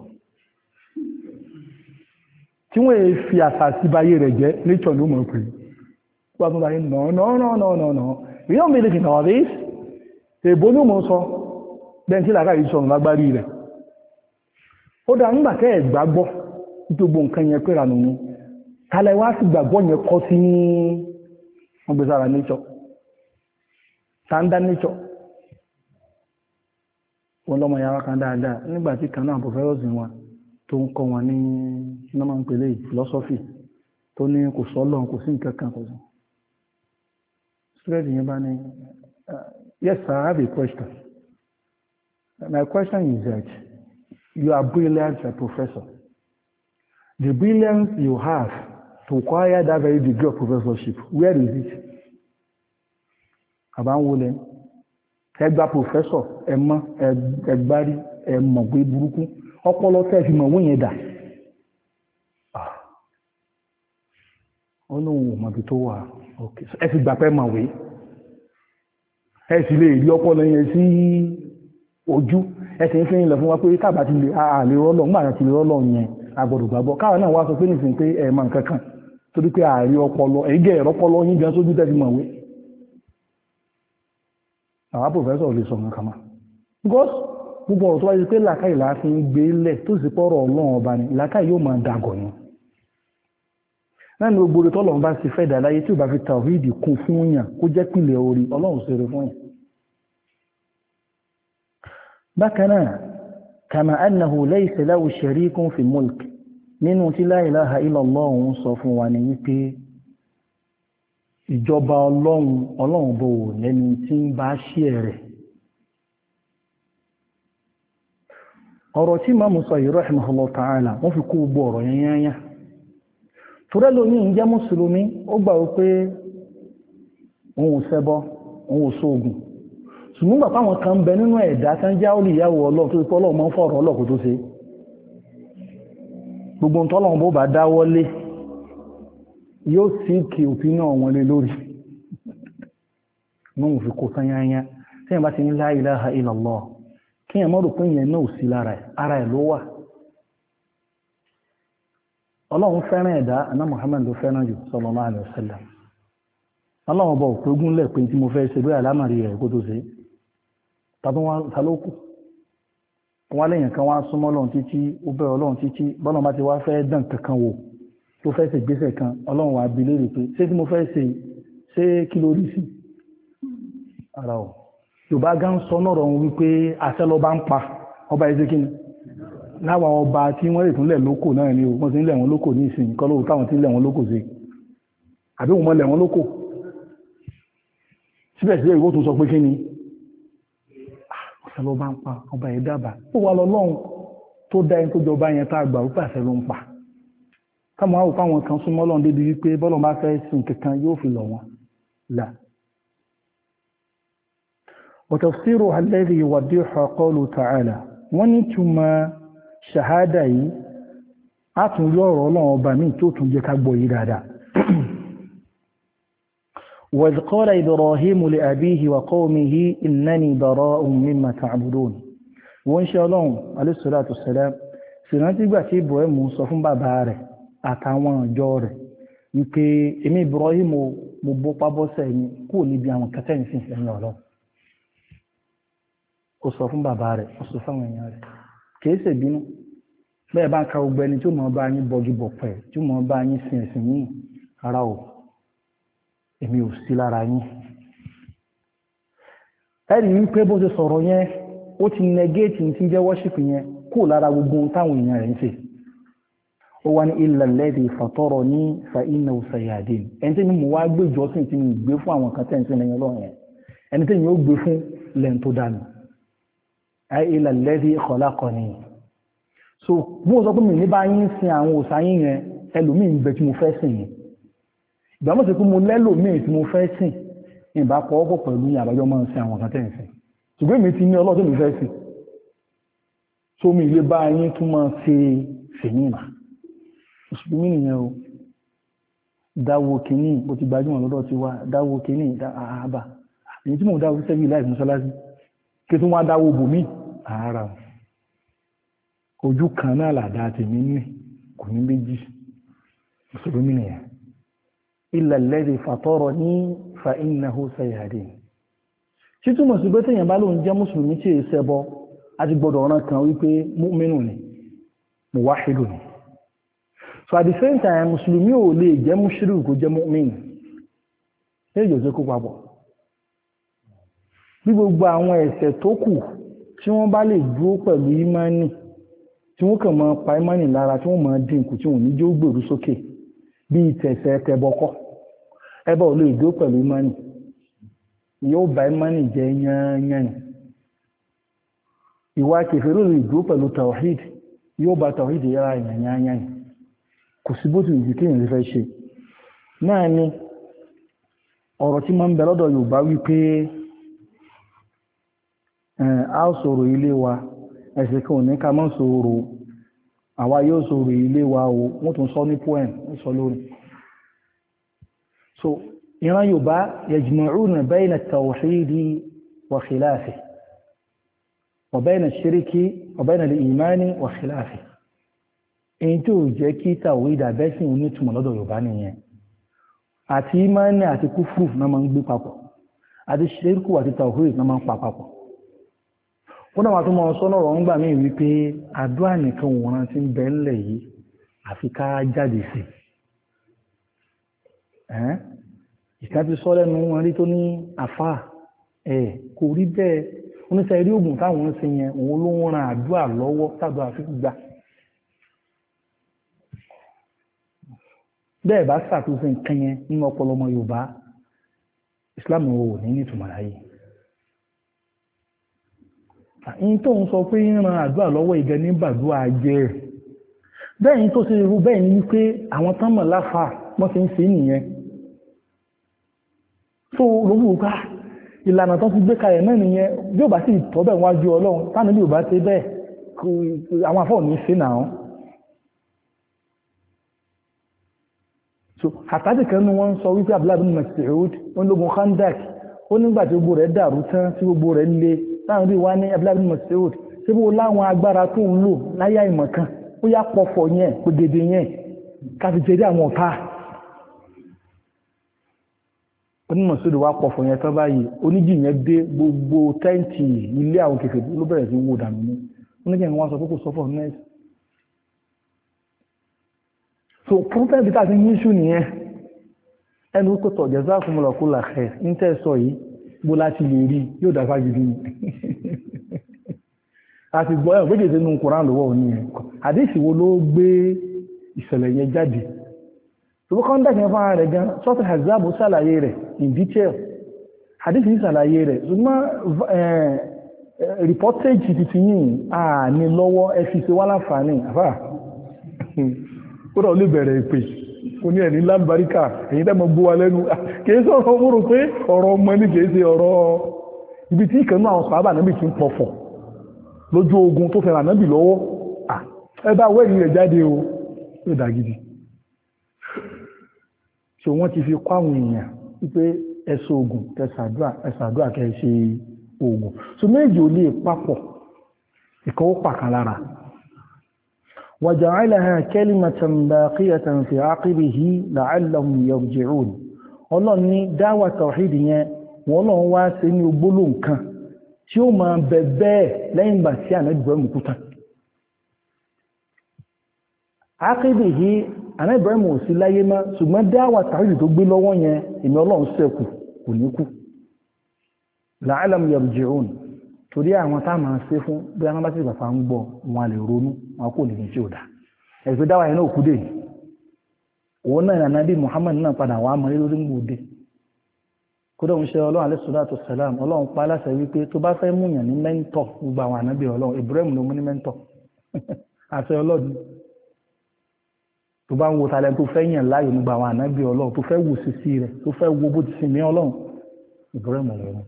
tí wọ́n èé fi àsàsí báyé rẹ̀ jẹ́ nature ló mọ̀ pé wọ́n tó báyé nà nà nà nà nà nà we don't believe in all this èbó ló mọ̀ sọ bẹ́ẹ̀ tí làkà yìí sọ̀rọ̀ lágbárí rẹ̀ ó dá nígbà tẹ́ ẹ̀ gbàgbọ́ gbogbo nǹkan yẹn péra nù ní kálẹ̀ wá sí gbàgbọ́ yẹn kọ́ sí wọ́n gbé sára nature tàǹdà nature wọn lọ́mọ yàrá kan dáadáa nígbà tí kan náà pòfẹ́rọ̀sì wọn tó ń kọ́ wọn ní iná máa ń pèlè philosophy tó ní kò sọ́lọ́run kò sí nǹkan kan kò sí student yẹn bá ní uh, yes I have a question my question is that you are brilliant a professor the brilliance you have to acquire that very degree of professorship where is it àbá ń wọlé ní ẹ gba pòfẹ́sọ̀ ẹ mọ́ ẹ gbárí ẹ mọ̀gbé burúkú ọpọlọ tẹ́ fi mọ̀ wọ́n yẹn dà ó lóun ò mọ̀bí tó wà ẹ fi gbà pé mọ̀wé ẹ sì lè rí ọpọlọ yẹn sí ojú ẹ sì ń fi ilẹ̀ fún wa pé tábà ti lè àlè rọ́lọ́ nígbà tí lè rọ́lọ́ yẹn agbọ̀dọ̀ gbàgbọ́ káwọn náà wá sọ pé nìsín pé ẹ̀ mọ̀ nǹkan kan torí pé ààrí ọpọlọ ẹ̀gẹ́ ẹ̀rọ ọpọlọ yín gan sójú tẹ́ fi mọ̀wé àwọn pòfẹ́sọ̀ lè sọ nǹkan mọ́ because gbogbo ọ̀rọ̀ tó wáyé pé làákàyè láàfin gbé lẹ̀ tó sì pọ̀rọ̀ ọlọ́run ọba ni làákàyè yóò máa dàgọ̀ ni lẹ́nu gbogbo orí tọ́lọ́run bá ti fẹ́ dà láyé tí ò bá fi tàwíìdì kún fún yàn kó jẹ́ pìlẹ̀ orí ọlọ́run ṣeré fún yàn bákan náà kàmà annahu laysa lahu sharikun fi mulk nínú tí la ilaha illa sọ fún wa ni wípé ìjọba ọlọ́run ọlọ́run bò wò lẹ́ni tí ń bá ṣí ẹ̀rẹ̀ ọ̀rọ̀ tí máa mú sọ yìí rahimahullah wọ́n fi kó gbogbo ọ̀rọ̀ yẹn yányá torẹ́ lómi ń jẹ́ mùsùlùmí ó gbà pé òun òun sóògùn ṣùgbọ́n kan nínú ẹ̀dá tán já ó lè yàwó tó mọ́ yóò sì kí òfin náà wọn lé lórí mọ́ fi kó sányányá tí èèyàn bá ti la ilaha illallah kí èèyàn mọ́rò pé náà ara ẹ̀ ló wà ọlọ́run fẹ́ràn ẹ̀dá aná Muhammad ló fẹ́ràn jù sallallahu alaihi wasallam ọlọ́run ọba òpégún tí mo fẹ́ ṣe bí àlámàrí rẹ̀ kó tó ṣe ta ló kù wọn lẹ́yìn kan tó fẹ́ ṣe gbésẹ̀ kan ọlọ́run wà bí lérè pé ṣé tí mo fẹ́ ṣe ṣé kí ló rí sí ara ọ̀ yorùbá gá ń sọ náà rọrùn wípé àṣẹ lọ́ba ń pa ọba ẹ̀ṣẹ́ kí ni láwọn ọba tí wọ́n lè tún lẹ̀ lóko náà ni o wọ́n ti ń lẹ̀ wọ́n lóko ní ìsìn kọ́ lóko táwọn ti ń lẹ̀ wọ́n lóko sí àbí wọ́n mọ̀ lẹ̀ lóko síbẹ̀síbẹ̀ ìwọ tún sọ pé kí ni ah, àṣẹ lọ́ba ń pa ọba ẹ̀ dábàá ó wà lọ́lọ́run tó dá ẹni tó jọba yẹn tá a gbà ó pàṣẹ ló ń pa káwọn àwọn òpáwọn kan súnmọ́ lọ́n débi wípé bọ́lọ̀ bá fẹ́ sùn kankan yóò fi lọ̀ wọn là ọ̀tọ̀sírò alẹ́rí ìwàdí ọ̀kọlù tààlà wọ́n ní túmọ̀ ṣàhádà yìí a ọ̀rọ̀ ọlọ́run ọba míì tó tún jẹ́ ká yìí dáadáa وإذ قال إبراهيم لأبيه وقومه إنني براء مما تعبدون وإن شاء الله عليه الصلاة والسلام سنتي بأتي بوهم صفون باباره àtàwọn ìjọ rẹ̀ wípé èmi Ibrahim o mo bó pábọ́sẹ̀ yín kúrò níbi àwọn kẹtẹ́ yìí sì ń sẹ́yìn ọ̀rọ̀ ó sọ fún bàbá rẹ̀ ó sọ fáwọn èèyàn rẹ̀ kìí ṣèbínú bẹ́ẹ̀ bá ń ka gbogbo ẹni tí ó mọ̀ bá yín bọ́jú bọ̀ pẹ̀ tí ó mọ̀ bá yín sin ẹ̀sìn yín ara o èmi ò sí lára yín ẹ̀rí wípé bó ṣe sọ̀rọ̀ yẹn ó ti negate ní ti jẹ́ worship yẹn kúrò lára gbogbo táwọn èèyàn rẹ̀ ń ṣe ó wá ní ilẹ̀ lẹ́dí fàtọ́rọ̀ ní fàínà òsàyàdín ẹni tí ni mo wá gbé ìjọsìn tí mo gbé fún àwọn kan tẹ́ǹtì lẹ́yìn ọlọ́run yẹn ẹni tí mi ó gbé fún lẹ́yìn tó dànù ẹ ilẹ̀ lẹ́dí kọ̀lákọ̀ ni so mo sọ pé mi ní bá yín sin àwọn òsà yín yẹn ẹlòmíì ń bẹ tí mo fẹ́ sìn yẹn ìgbà mo sì pé mo lẹ́lòmíì tí mo fẹ́ sìn ìbá pọ̀ ọ́pọ̀ pẹ̀lú yín àbájọ́ máa ń sin àwọn kan tẹ́ǹtì ṣùgbọ́n mi ti ní ọlọ́run mi fẹ́ sìn so mi lè bá yín tún máa ṣe sèmínà mùsùlùmí nìyẹn o dáwó kìíní o ti gbajúmọ̀ lọ́dọ̀ ti wá dáwó kìíní àbá èyí tí mò ń dáwó sẹ́yìn láì mọ́sálásí kí tún wá dáwó bòmí àárà ojú kan náà làdá tèmi ní kò ní méjì mùsùlùmí nìyẹn illa alladhi fatarani fa innahu sayadin títúmọ̀ sí pé téèyàn bá lóun jẹ́ mùsùlùmí tí èé ṣẹbọ a ti gbọ́dọ̀ ọ̀ràn kan wípé mu'minu ni muwahidu ni so at the same time mùsùlùmí ò lè jẹ́ mùsùlùmí kò jẹ́ mọ́mìn ní ìjọsẹ́ kó papọ̀ bí gbogbo àwọn ẹ̀sẹ̀ tó kù tí wọ́n bá lè dúró pẹ̀lú ìmánì tí wọ́n kàn máa pa lára tí wọ́n máa dín tí wọ́n ní jó gbèrú sókè bíi tẹ̀sẹ̀ tẹ̀bọ̀kọ́ ẹbọ ò lè dúró pẹ̀lú bá lè dúró pẹ̀lú tawhid yóò bá tawhid kò sí bó ti ìjì kéèyàn lè fẹ́ ṣe náà ni ọ̀rọ̀ tí máa ń bẹ lọ́dọ̀ Yorùbá wípé a ó sọ̀rọ̀ ilé wa ẹ̀sìn kan ò ní ká máa sọ̀rọ̀ àwa yóò sọ̀rọ̀ ilé wa o wọ́n tún sọ ní poem ń sọ lórí so ìran Yorùbá yajma'una bayna tawhidi wa khilafi wa bayna shiriki wa bayna al-imani wa khilafi èyí tí ò jẹ́ kí tàwé ìdàbẹ́sìn onítùmọ̀ lọ́dọ̀ yorùbá nìyẹn àti imani àti kúfùrù náà máa ń gbé papọ̀ àti ṣeríkù àti náà máa ń pa papọ̀ kódà tó mọ sọ́nà ọ̀rọ̀ mí wípé àdúrà nìkan òun ti ń yìí àfi ká jáde sí sọ lẹ́nu wọn rí tó ní kò rí bẹ́ẹ̀ oníṣẹ́ eré oògùn táwọn ń bẹ́ẹ̀ bá ṣàtúnṣe nǹkan yẹn nínú ọpọlọ ọmọ yorùbá islam ò ní nítumọ̀ láyé àyín tó ń sọ pé ríran àdúrà lọ́wọ́ ìgẹ ní bàdúrà jẹ́ bẹ́ẹ̀ ni tó ṣe irú bẹ́ẹ̀ ni wípé àwọn tán mọ̀ láfa wọ́n ti ń ṣe nìyẹn so lówùúgbà ìlànà tó ti gbé kalẹ̀ náà nìyẹn bí ó bá sì tọ́ bẹ́ẹ̀ wájú ọlọ́run táwọn ibi ò bá ṣe bẹ́ẹ̀ àwọn afọ́ ò ní ṣe náà so àtàdì kan ní wọ́n sọ wípé abdullahi masoud wọ́n lógun khandak ó nígbà tí gbogbo rẹ̀ dàrú tán tí gbogbo rẹ̀ le láwọn rí wá ní abdullahi masoud tí gbogbo láwọn agbára tó ń lò láyà ìmọ̀ kan ó yá pọ̀fọ̀ yẹn gbogbo yẹn káfí jẹ́rí àwọn ọ̀tá onímọ̀ sódò wá pọ̀fọ̀ yẹn tán báyìí oníjì yẹn dé gbogbo tẹ́ǹtì ilé àwọn kẹfẹ́ ló bẹ̀rẹ̀ sí wò dànù ní oníjì yẹn wọ́n sọ pé kò sọ́fọ̀ nẹ́ẹ̀sì so kọ́ńtẹ́ǹtì tá a ti yíṣù nìyẹn ẹnu kò tọ̀ jẹ́sà fún mọ̀lọ́ kó làkẹ́ ń tẹ́ sọ yìí bó láti lè rí yóò dáfà gidi ni àti gbọ́ ẹ̀rọ méjèèjì nínú Kùránì lọ́wọ́ òní yẹn àdéhìsì wo ló gbé ìṣẹ̀lẹ̀ yẹn jáde tó kọ́ńtẹ́ǹtì yẹn fúnra rẹ̀ gan sọ́ọ̀tì hazabu ṣàlàyé rẹ̀ in detail àdéhìsì ń ṣàlàyé rẹ̀ ṣùgbọ́n rìpọ́tẹ́jì tuntun yìí à ní lọ́wọ́ ẹ fi ṣe wá láǹfààní àfà kódà ó lè bẹ̀rẹ̀ ìpè kò ní ẹ̀ní lálùbáríkà èyí dẹ́mọ̀ bó wa lẹ́nu kìí sọ̀rọ̀ mo rò pé ọ̀rọ̀ ọmọ ní kìí ṣe ọ̀rọ̀ ibi tí ìkànnú àwọn sàábà náà bì ti ń pọ̀fọ̀ lójú ogun tó fẹ́ràn náà bì lọ́wọ́ ẹ bá wẹ́ẹ̀rí rẹ̀ jáde o ló dà gidi so wọ́n ti fi kọ́ àwọn èèyàn wípé ẹ̀sọ́ ogun ẹ̀sàdúrà ẹ̀sàdúrà kẹ́ ṣe ogun so méjì ò lè papọ̀ ìkọ́wọ́ pàkan وجعلها كلمة باقية في عقبه لعلهم يرجعون ọlọ́run ní dáwà tọ̀hídì yẹn wọ́n lọ́n wá sí ní ogbóló nǹkan tí ó máa bẹ̀ bẹ́ẹ̀ lẹ́yìn ìgbà tí ànábìbọ̀ mú kúta ákéde yìí ànábìbọ̀ mú sí láyé má ṣùgbọ́n dáwà tọ̀hídì tó gbé lọ́wọ́ yẹn èmi ọlọ́run sẹ́kù kò ní kú la'allam yarji'un torí àwọn táàmù ṣe fún bí wọn bá ti gbàfà ń gbọ́ wọn lè ronú wọn kò ní tí ò ẹgbẹ́ dáwà yẹn náà kú dé òun náà ìrànà bí Muhammad náà padà wà á mọ lórí ń gbòde kódà ń ṣe ọlọ́run alẹ́ sọ́dọ̀ àti sàlám ọlọ́run pa aláṣẹ wípé tó bá fẹ́ mú yàn ní mẹ́ńtọ̀ gbogbo àwọn ànábì ọlọ́run Ibrahim ló mú ní mẹ́ńtọ̀ àṣẹ ọlọ́run tó bá ń wo talẹ̀ tó fẹ́ yàn láàyò gbogbo àwọn ànábì ọlọ́run tó fẹ́ wò sí rẹ̀ tó fẹ́ wo bó ti sinmi ọlọ́run Ibrahim ló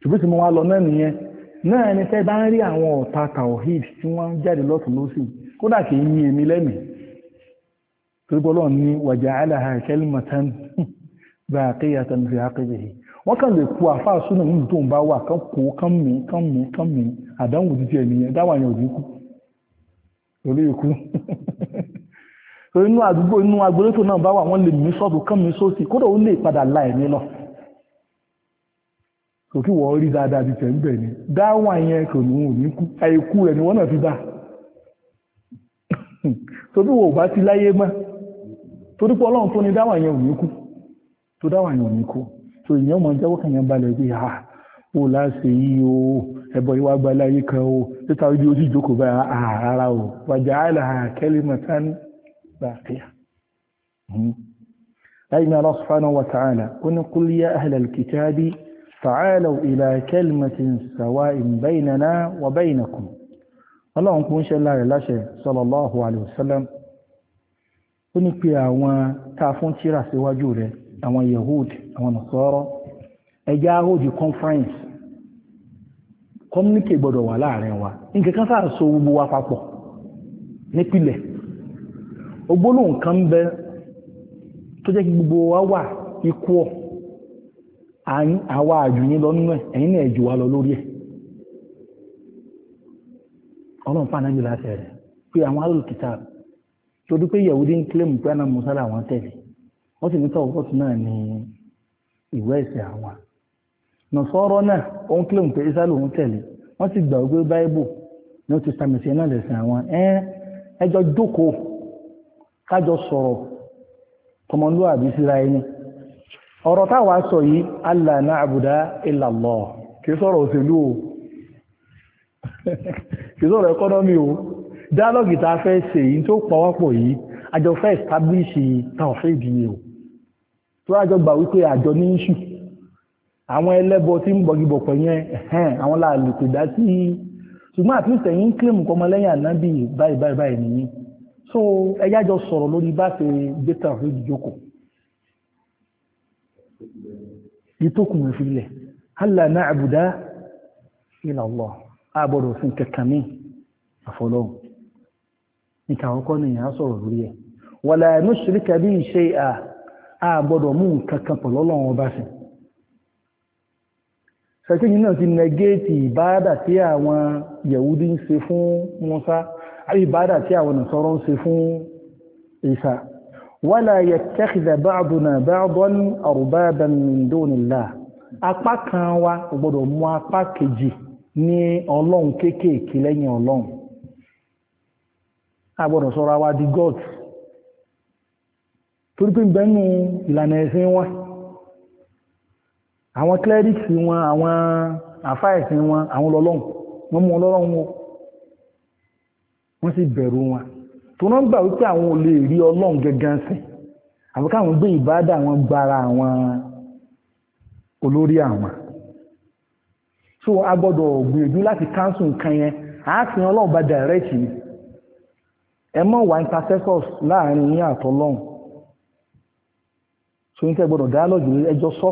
ṣùgbọ́n tí mo wá lọ náà nìyẹn náà ni tẹ́ bá ń rí àwọn ọ̀tá tawhid tí wọ́n ń jáde lọ́tún lọ́sì kódà kì í yin èmi lẹ́mìí torí pé ọlọ́run ní wa ja'alaha kalimatan baqiyatan fi aqibihi wọ́n kàn lè ku àfáà súnà nínú tó ń bá wà kán kó kán mí kán mí kán mí àdánwò títí ẹ̀ nìyẹn dáwà yẹn ò ní kú orí ikú inú àdúgbò inú agbolétò náà bá wà wọ́n lè mí sọ́ọ̀tù kán mí sóòsì kódà ó lè padà la ẹ̀mí lọ òkè wọ́n rí dáadáa ti tẹ̀ ń bẹ̀ ni dáwà yẹn kò ní òun ní kú àìkú rẹ̀ ni wọ́n náà fi bá torí wọ́n bá ti láyé mọ́ torí pé ọlọ́run tó ní dáwà yẹn ò ní kú tó dáwà yẹn ò ní kú tó ìyẹn mọ̀ jẹ́wọ́ kàyẹn balẹ̀ pé ha ó láṣẹ yìí o ẹ̀bọ̀ ìwà gba láyé kan o títà ojú ojú ìjókòó bá ara ah, o wàjà àìlà àkẹ́lẹ́ mọ̀tánì bàkíyà. láyé ní Allah subhanahu wa ta'ala ó ní kúlíyà ahlal kitabi ta'alaw ila kalimatin sawa'in baynana wa baynakum ọlọ́run kún ṣe láàrẹ̀ láṣẹ sallallahu alaihi wasallam ó ní pé àwọn tá a fún tíra síwájú rẹ̀ àwọn yahud àwọn nasara ẹja ahóòdì conference communique gbọdọ̀ wà láàrin wa nǹkan kan sáà so gbogbo wa papọ̀ nípìnlẹ̀ ogbólóhùn kan ń bẹ tó jẹ́ kí gbogbo wa wà ikú ọ̀ àwa àjùyìn lọ nínú ẹ̀ ẹ̀yìn náà jù wá lọ lórí ẹ̀ ọlọ́run fún anájú láti rẹ̀ pé àwọn alùkìtà tó dúpẹ́ yẹ̀wúdí ń kílẹ̀ mú pé àná musa làwọn tẹ̀lé wọ́n sì ní tọ́wọ́ náà ìwé ẹ̀sẹ̀ àwọn náà ó ń kílẹ̀ mú pé tẹ̀lé wọ́n sì gbà wípé báíbù ni ó ti sàmìsì náà lẹ̀sìn àwọn ẹjọ́ jókòó kájọ sọ̀rọ̀ tọmọlúwàbí ọ̀rọ̀ táwa sọ yìí Allah na'buda illa Allah kì í sọ̀rọ̀ òṣèlú o kì í sọ̀rọ̀ ẹkọ́nọ́mì o dialogue tá a fẹ́ ṣe yìí tó pawọ́pọ̀ yìí àjọ fẹ́ establish tawhid yìí o tó àjọ gbà wípé àjọ ní so ẹjá jọ sọ̀rọ̀ lórí bá ṣe gbé tawhid jókòó ìtókùn fi lẹ̀ hálà náà àbùdá ila Allah àbọ̀dọ̀ fún kẹkàn ní àfọlọ́hùn nìkan àkọ́kọ́ ni ìyá sọ̀rọ̀ lórí ẹ̀ wala nushrika bí ṣe à àbọ̀dọ̀ mú nǹkan kan pọ̀ lọ́lọ́run ọba sí sẹ́kìnì náà ti nẹgẹ́ẹ̀tì ìbáàdà tí wala yattakhidha ba'duna ba'dan arbaban min dunillah apá kan wa kò gbọ́dọ̀ mú apá kejì ní ọlọ́run kéékèèké lẹ́yìn ọlọ́run a gbọ́dọ̀ sọra wa di god torí pé gbẹ́nu ìlànà ẹ̀sìn wọn àwọn clerics wọn àwọn àfáà ẹ̀sìn wọn àwọn lọ́lọ́run wọ́n mú ọlọ́run wọn wọ́n sì bẹ̀rù wọn tó gbà wípé àwọn ole lè rí ọlọ́run gangan sìn gbé ìbádà wọn gbára àwọn olórí àwọn so a gbọ́dọ̀ gbìyànjú láti káńsù nǹkan yẹn àáfin ọlọ́run bá direct ni ẹ mọ̀ wá intercessors láàrin yín àtọ́lọ́run so yín tẹ́ gbọ́dọ̀ dialogue ní ẹjọ́ sọ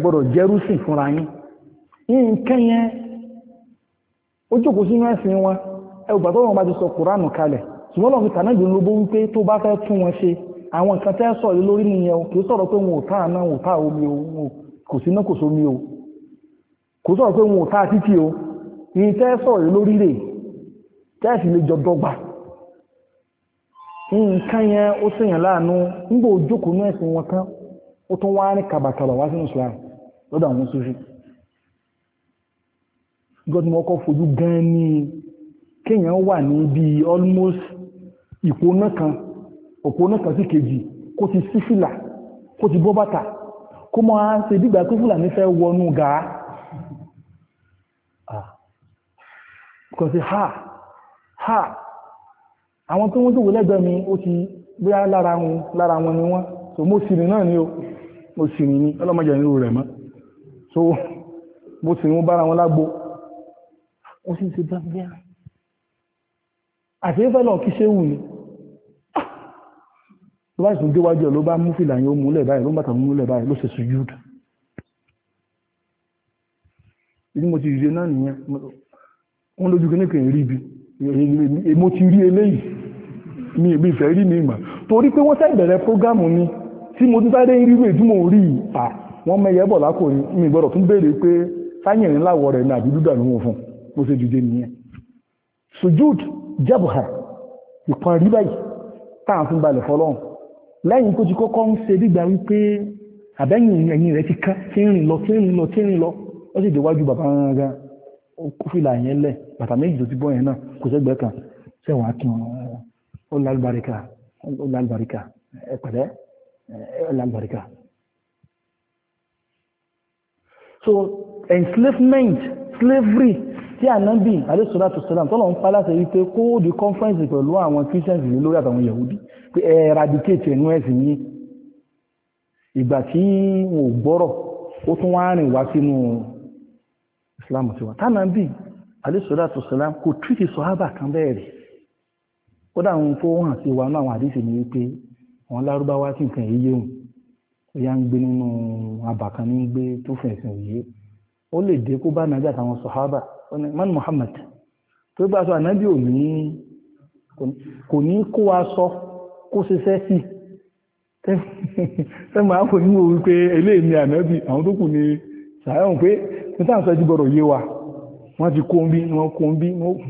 gbọ́dọ̀ jẹ́rúsìn fúnra yín nǹkan yẹn sínú ẹ̀sìn wọn ẹ ò gbàgbọ́ sọ kalẹ̀ ṣùgbọ́n lọ́wọ́ kànáà yìí ló bó ń pé tó bá fẹ́ tún wọn ṣe àwọn nǹkan tẹ́ sọ̀rọ̀ lórí nìyẹn o kì í sọ̀rọ̀ pé wọn ò tá àná wọn ò tá omi o kò sí náà kò sómi o kò sọ̀rọ̀ pé wọn ò tá títì o ìyìn tẹ́ sọ̀rọ̀ lórí rẹ̀ tẹ́ sì lè jọ dọ́gba nǹkan yẹn ó sèyàn láàánú nígbà òjókòó náà ẹ̀sìn wọn tán ó tún wá ní kàbàkàbà wá sínú Islam lọ́dọ̀ àwọn sóṣì gọ́dùnmọ́kọ́ fojú gan ni kéèyàn wà ní bíi almost ìpóná kan òpóná kan sí kejì kó ti sí fìlà kó ti bọ́ bàtà kó máa ń ṣe dígbà tó fìlà ní fẹ́ wọnú gàá kò sí ha ha àwọn tó wọ́n tó wò lẹ́gbẹ̀ẹ́ mi ó ti bí lára wọn lára wọn ni wọ́n so mo sì rìn náà ni o mo sì rìn ní ọlọ́mọjà nínú rẹ̀ mọ́ so mo sì rìn wọn bára wọn lágbo ó sì ti bá bí i àti ìfẹ́ lọ kí ṣe wù ni tó bá ìsúnjú wájú ẹ̀ ló bá mú fìlà yóò múlẹ̀ báyìí ló ń bàtà múlẹ̀ báyìí ló ṣe sùjúdù ibi mo ti rí náà nìyẹn wọ́n lójú kí ní kì ti rí eléyìí mi ìbí ìfẹ́ rí mi mà torí pé wọ́n sẹ́ bẹ̀rẹ̀ prógámù ni tí mo tún sáré rí rèé tí mo wọ́n mẹ́yẹ bọ̀ lákò mi gbọ́dọ̀ tún béèrè pé sáyẹ̀rì ńláwọ̀ rẹ̀ ní àbí dúdà ló wọ̀ fún mo ṣe dìde nìyẹn sujud jabha ìparí báyìí táà ń fún balẹ̀ fọlọ́run lẹ́yìn tó ti kọ́kọ́ ń ṣe dígbà wípé àbẹ́yìn ẹ̀yìn rẹ̀ ti ká tí ń rìn lọ tí ń rìn lọ tí ń rìn lọ ó sì déwájú bàbá rárá ó kú fìlà yẹn lẹ̀ bàtà méjì tó ti bọ́ yẹn náà kò sẹ́gbẹ́ kan sẹ́wọ̀n á kàn ó lálùbáríkà ó lálùbáríkà ẹ pẹ̀lẹ́ ó lálùbáríkà. so enslavement slavery tí ànábì alayhi salatu wassalam tọ́lọ̀ ń pa láṣẹ wípé kó di conference pẹ̀lú àwọn Christians lórí àtàwọn Yahudi eradicate ẹnu ẹ̀sìn yìí ìgbà tí wọn ò gbọ́rọ̀ ó tún wá rìn wá sínú islam alẹ́sọ̀dá tó kò sọ́hábà kan bẹ́ẹ̀ rí ó dà wọn tó hàn sí wa àwọn àdìsí ni wípé àwọn lárúbáwá tí nǹkan yìí yéhùn ìyá ń gbé nínú ní gbé tó kó ṣiṣẹ́ sí ẹ máa kò ní orí pé eléyìí ni ànábì àwọn tó kù ní ṣàyẹ̀wò pé ní táwọn sọ́jú gbọ́dọ̀ yé wa wọ́n ti kó ń bí wọ́n kó ń bí wọ́n kù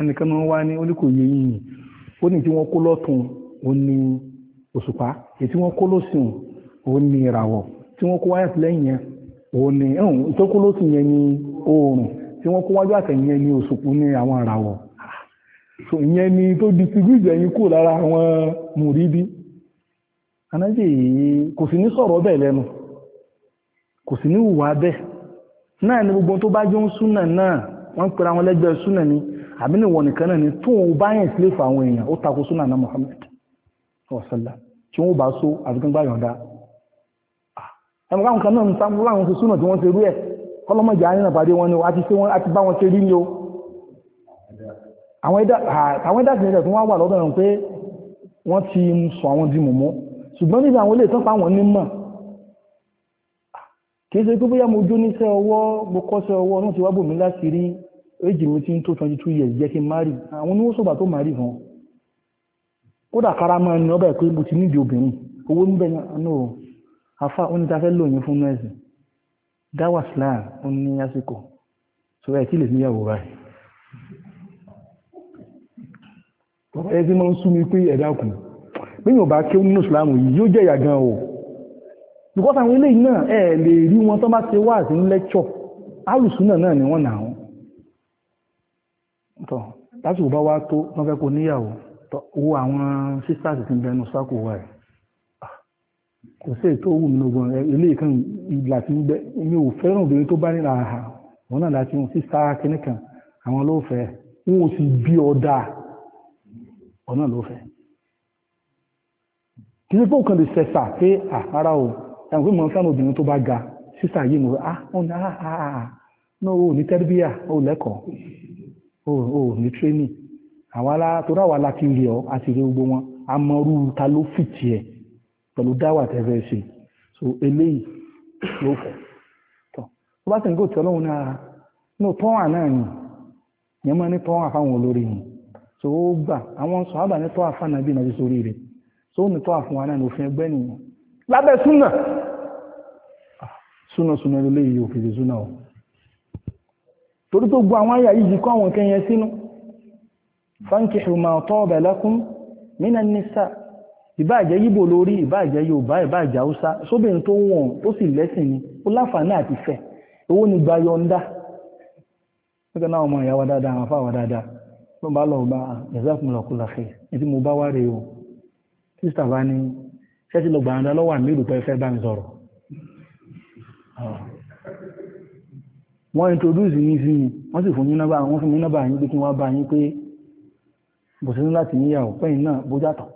ẹnìkan máa ń wá ní oníkò yẹ yìnyín ó ní tí wọ́n kó lọ́tún ó ní òṣùpá èyí tí wọ́n kó lọ́sìn ó ní ìràwọ̀ tí wọ́n kó wáyà lẹ́yìn yẹn ó ní ẹ̀hún tó kó lọ́sìn yẹn ní oòrùn tí wọ́n kó wájú àtẹ̀yìn yẹn ní òṣùpá ní àwọn ìràwọ̀ so ìyẹn ni tó distribute ẹ̀yin kúrò lára àwọn mùrídí anájì kò sì ní sọ̀rọ̀ bẹ́ẹ̀ lẹ́nu kò sì ní hùwà bẹ́ẹ̀ náà ni gbogbo tó bá jọ ń súnà náà wọ́n ń pera lẹ́gbẹ́ súnà ni àbí ní ìwọ̀n nìkan náà ni tó ń bá yẹn sílé Muhammad ọ̀sẹ̀lá tí wọ́n bá só àfikúngbà yọ̀ǹda ẹmọ káwọn kan náà ń sáwọn láwọn ti súnà tí wọ́n ti rú ẹ̀ kọ́lọ́mọ̀jà á nínà àwọn ẹ̀dá sí ẹ̀dá tó wá wà lọ́dọ̀ ẹ̀rùn pé wọ́n ti sọ àwọn di mọ̀mọ́ ṣùgbọ́n nígbà àwọn ilé ìtàn fáwọn nímọ̀ kìí ṣe pé bóyá mo jó níṣẹ́ ọwọ́ mo kọ́ṣẹ́ ọwọ́ náà ti wá bòmí láti rí èjì mi ti ń tó 22 years jẹ́ kí n márì àwọn oníwó sọ̀bà tó márì hàn kódà kára máa ń ọbẹ̀ pé mo ti nídìí obìnrin owó ń bẹ̀ náà afá oníṣàfẹ́ lòyìn fún nọ́ọ̀sì dáwà slam ó ní àsìkò sọ ẹ̀ tí lè níyàwó báyìí bàbá yẹn ti máa ń sún mi pé ẹ̀dá kù bí yóò bá kí ó nínú ìsìlámù yìí yóò jẹ́ ìyà gan o because àwọn eléyìí náà ẹ̀ lè rí wọn tó bá ti wá àti lẹ́kṣọ̀ alùsùnà náà ni wọ́n nà wọ́n tọ́ lásìkò bá wá tó wọ́n fẹ́ kó níyàwó owó àwọn sisters ti ń bẹnu sákò wà ẹ̀ ah, kò sí ètò owó mi lógun eléyìí kan ìgbà tí ń bẹ mi ò fẹ́ràn obìnrin tó bá nílà àhà ọ̀nà ló fẹ́ kí ní fóòkàn lè sẹ́sà pé àárá o ẹ̀wọ̀n pé mọ̀ ń fẹ́ràn obìnrin tó bá ga sísà yìí mọ̀ ah wọ́n ní ah ah ah náà o ní tẹ́rbíà o lẹ́kọ̀ọ́ o o ní tírénì àwọn alá torí àwọn aláti rí ọ àti rí gbogbo wọn a mọ irú ta ló fìtì ẹ pẹ̀lú dáwà tẹ́fẹ́ ṣe so eléyìí ló fẹ́ tọ́ tó bá sì ń gòtì ọlọ́run náà náà tọ́wà náà ni ìyẹn máa ní tọ́wà fáwọn olórí ni so ó gbà àwọn sọ̀hábà ní tọ́ nàbí sórí rẹ̀ so ó ní tọ́ àfún náà ní ẹgbẹ́ nìyẹn lábẹ́ súnà ah, súnà súnà lólè yìí òfin súnà o torí tó gbọ́ àwọn àyà yìí kọ́ àwọn nǹkan sínú ma nisa náà ọmọ ìyàwó dáadáa àwọn dáadáa ló bá lọ́wọ́ bá jazakumullahu kulla khair ètí mo bá wá rè o sísítà bá ní ṣẹ́sì lọ gbàǹda lọ́wọ́ àmì ìdùpẹ́ fẹ́ bá mi sọ̀rọ̀ ah. wọ́n introduce yín sí wọ́n sì fún yín nọ́bà wọ́n fún yín nọ́bà yín pé kí wọ́n bá yín pé bò sí láti níyàwó pẹ́yìn náà bójátọ̀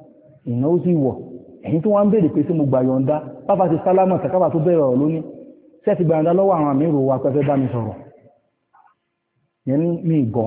ìnáwó sì wọ̀ ẹ̀yìn tó wọ́n ń béèrè pé sí mo gbà yọ̀ǹda pápá ti sálámà tàkàbà tó bẹ̀rẹ̀ ọ̀rọ̀ lónìí ṣẹ́ẹ̀tì gbàǹda lọ́wọ́ àwọn àmì ìrò wa pẹ́fẹ́ bá mi sọ̀rọ̀ yẹn ní mi gbọ́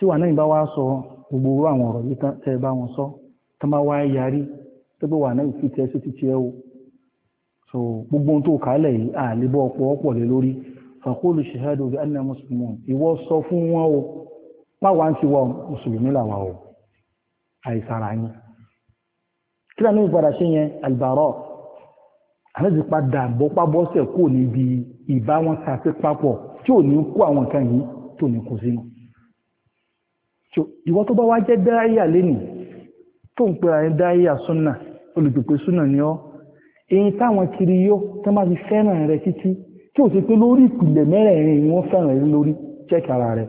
tí wà náà bá wá sọ gbogbo orú àwọn ọ̀rọ̀ yìí tẹ́ ẹ bá wọn sọ tán bá wá yarí tó bá wà náà fi tẹ́ sí ti tiẹ́ so gbogbo ohun tó kálẹ̀ yìí à lè bọ́ ọ̀pọ̀ ọ̀pọ̀ lé lórí fàkóòlù ṣèhádù bí anna muslimun ìwọ sọ fún wọn o páwa ń ti wọ mùsùlùmí làwà o àìsàrà yín kí lóun ní padà ṣe yẹn àlùbárọ̀ àmì ti padà bọ́pá bọ́sẹ̀ kò níbi ìbá wọn papọ̀ tí ò ní kó àwọn nǹkan yìí tó ní kó sínú so ìwọ tó bá wá jẹ́ dáríyà lénìí tó ń pera ní dáríyà súnà olùpèpè súnà ni ọ́ èyí táwọn kiri yó tó má fi fẹ́ràn rẹ títí tí ò sì pé lórí ìpìlẹ̀ mẹ́rẹ̀ẹ̀rin ni wọ́n fẹ́ràn rẹ lórí chẹ́kì ara rẹ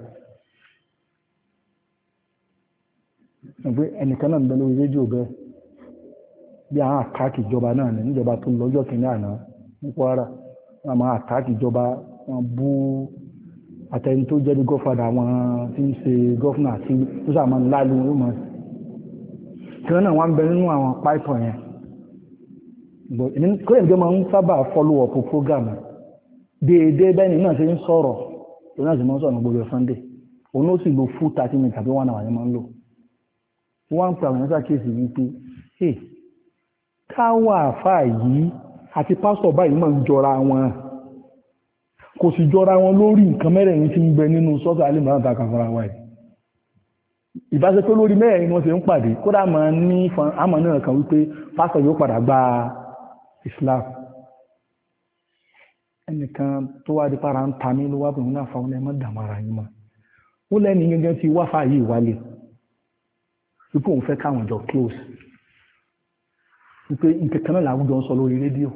pé ẹnìkan náà ń bẹ lórí àtẹni tó jẹ́ bí gọ́fàdà àwọn tí ń ṣe gọ́fìnà àti tó sàmọ́ láàlú wọn mọ̀ kí wọ́n náà wọ́n ń bẹ nínú àwọn páìpọ̀ yẹn kóyè ní ma ń sábà follow up program déédéé bẹ́ẹ̀ ni náà ṣe ń sọ̀rọ̀ òun náà sì máa ń sọ̀rọ̀ gbogbo Sunday òun ló sì lo full thirty minutes àbí one hour ni máa ń lò wọ́n ń pe àwọn ẹ̀ṣá kéèsì yìí pé ká wà fáà yìí àti pásítọ̀ báyìí máa ń jọra wọn kò sì jọra wọn lórí nǹkan mẹ́rẹ̀ẹ̀rin tí ń bẹ nínú sọ́tọ̀ alìmọ̀ràn tàkà fara wa yìí ìbáṣe pé lórí mẹ́rẹ̀ẹ̀rin wọn ṣe ń pàdé kódà máa ní fan àmọ́ náà kan wípé pásítọ̀ yóò padà gba Islam ẹnìkan tó wá di para ń ta mí ló wá bẹ̀rù náà fa ọ́nà ẹ̀ má dààmú ara yín mọ́ ó lẹ́ni gẹ́gẹ́ tí wáfà yìí wálé wípé òun fẹ́ káwọn jọ close wípé nǹkan náà làwùjọ ń sọ lórí rédíò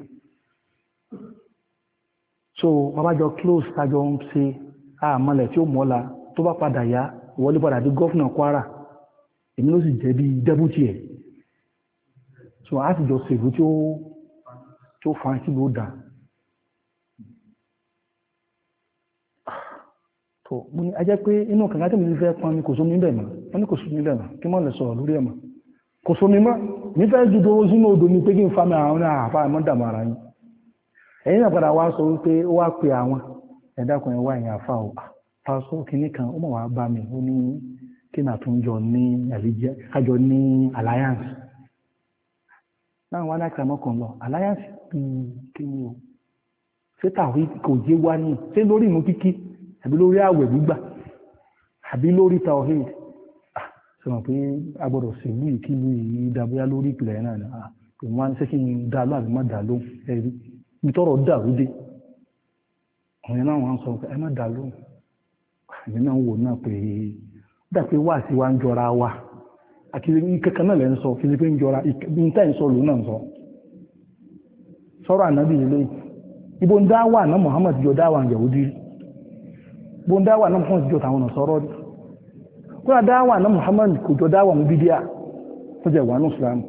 so babájọ close tajọ ń ṣe àmọ́lẹ̀ tí ó mọ́la tó bá padà yá ìwọlé padà di gọ́fìnà Kwara èmi ló sì jẹ́ bí dẹ́bùtì ẹ̀ so a sì jọ ṣèlú tí ó tí ó fàá sílùú dà tó mo ní ajẹ́ pé inú kàkà tí mo ti fẹ́ pọn mi kò sómi bẹ̀ mọ́ wọ́n ní kò sómi bẹ̀ mọ́ kí mọ́ lè sọ̀rọ̀ lórí ẹ̀ mọ́ kò sómi mọ́ nífẹ̀ẹ́ ju tó sínú odò ni pé kí n fa mi àwọn àfa àmọ́ dàmọ́ ara yín ẹ̀yìn náà padà wá sọ wípé ó wá pe àwọn ẹ̀dákùn ẹ̀wá ìyá àfa ah, ò pásọ kínní kan ó mọ̀ wá bá mi ó ní kí nà tún jọ ní àlejò kájọ ní alliance náà wọn aláìsàn mọ́kàn lọ alliance hmm, kí ni o ṣé tàwí kò yé wá ní ṣé lórí ìmú kíkí àbí lórí àwẹ̀ gbígbà àbí lórí tawhid ah, ṣe mọ̀ pé a gbọ́dọ̀ ṣèlú ìkílù yìí dàbíyá lórí ìpìlẹ̀ náà ah, kò wọ́n ṣé kí n dá lóhùn àbí má dá lóhùn ẹ̀rí ìtọ́rọ̀ dàrúdé àwọn yẹn náà wọ́n sọ pé ẹ má dà lóhùn àmì náà wò náà pé dà pé wá sí wa ń jọra wa àkìlẹ̀ kankan náà lẹ́ ń sọ kìlẹ̀ ń jọra ń sọ náà sọ ànábì ibo ń jọ dáwà ń ibo ń dáwà jọ dáwà náà Muhammad kò jọ dáwà bídíà jẹ́ wà ní Islam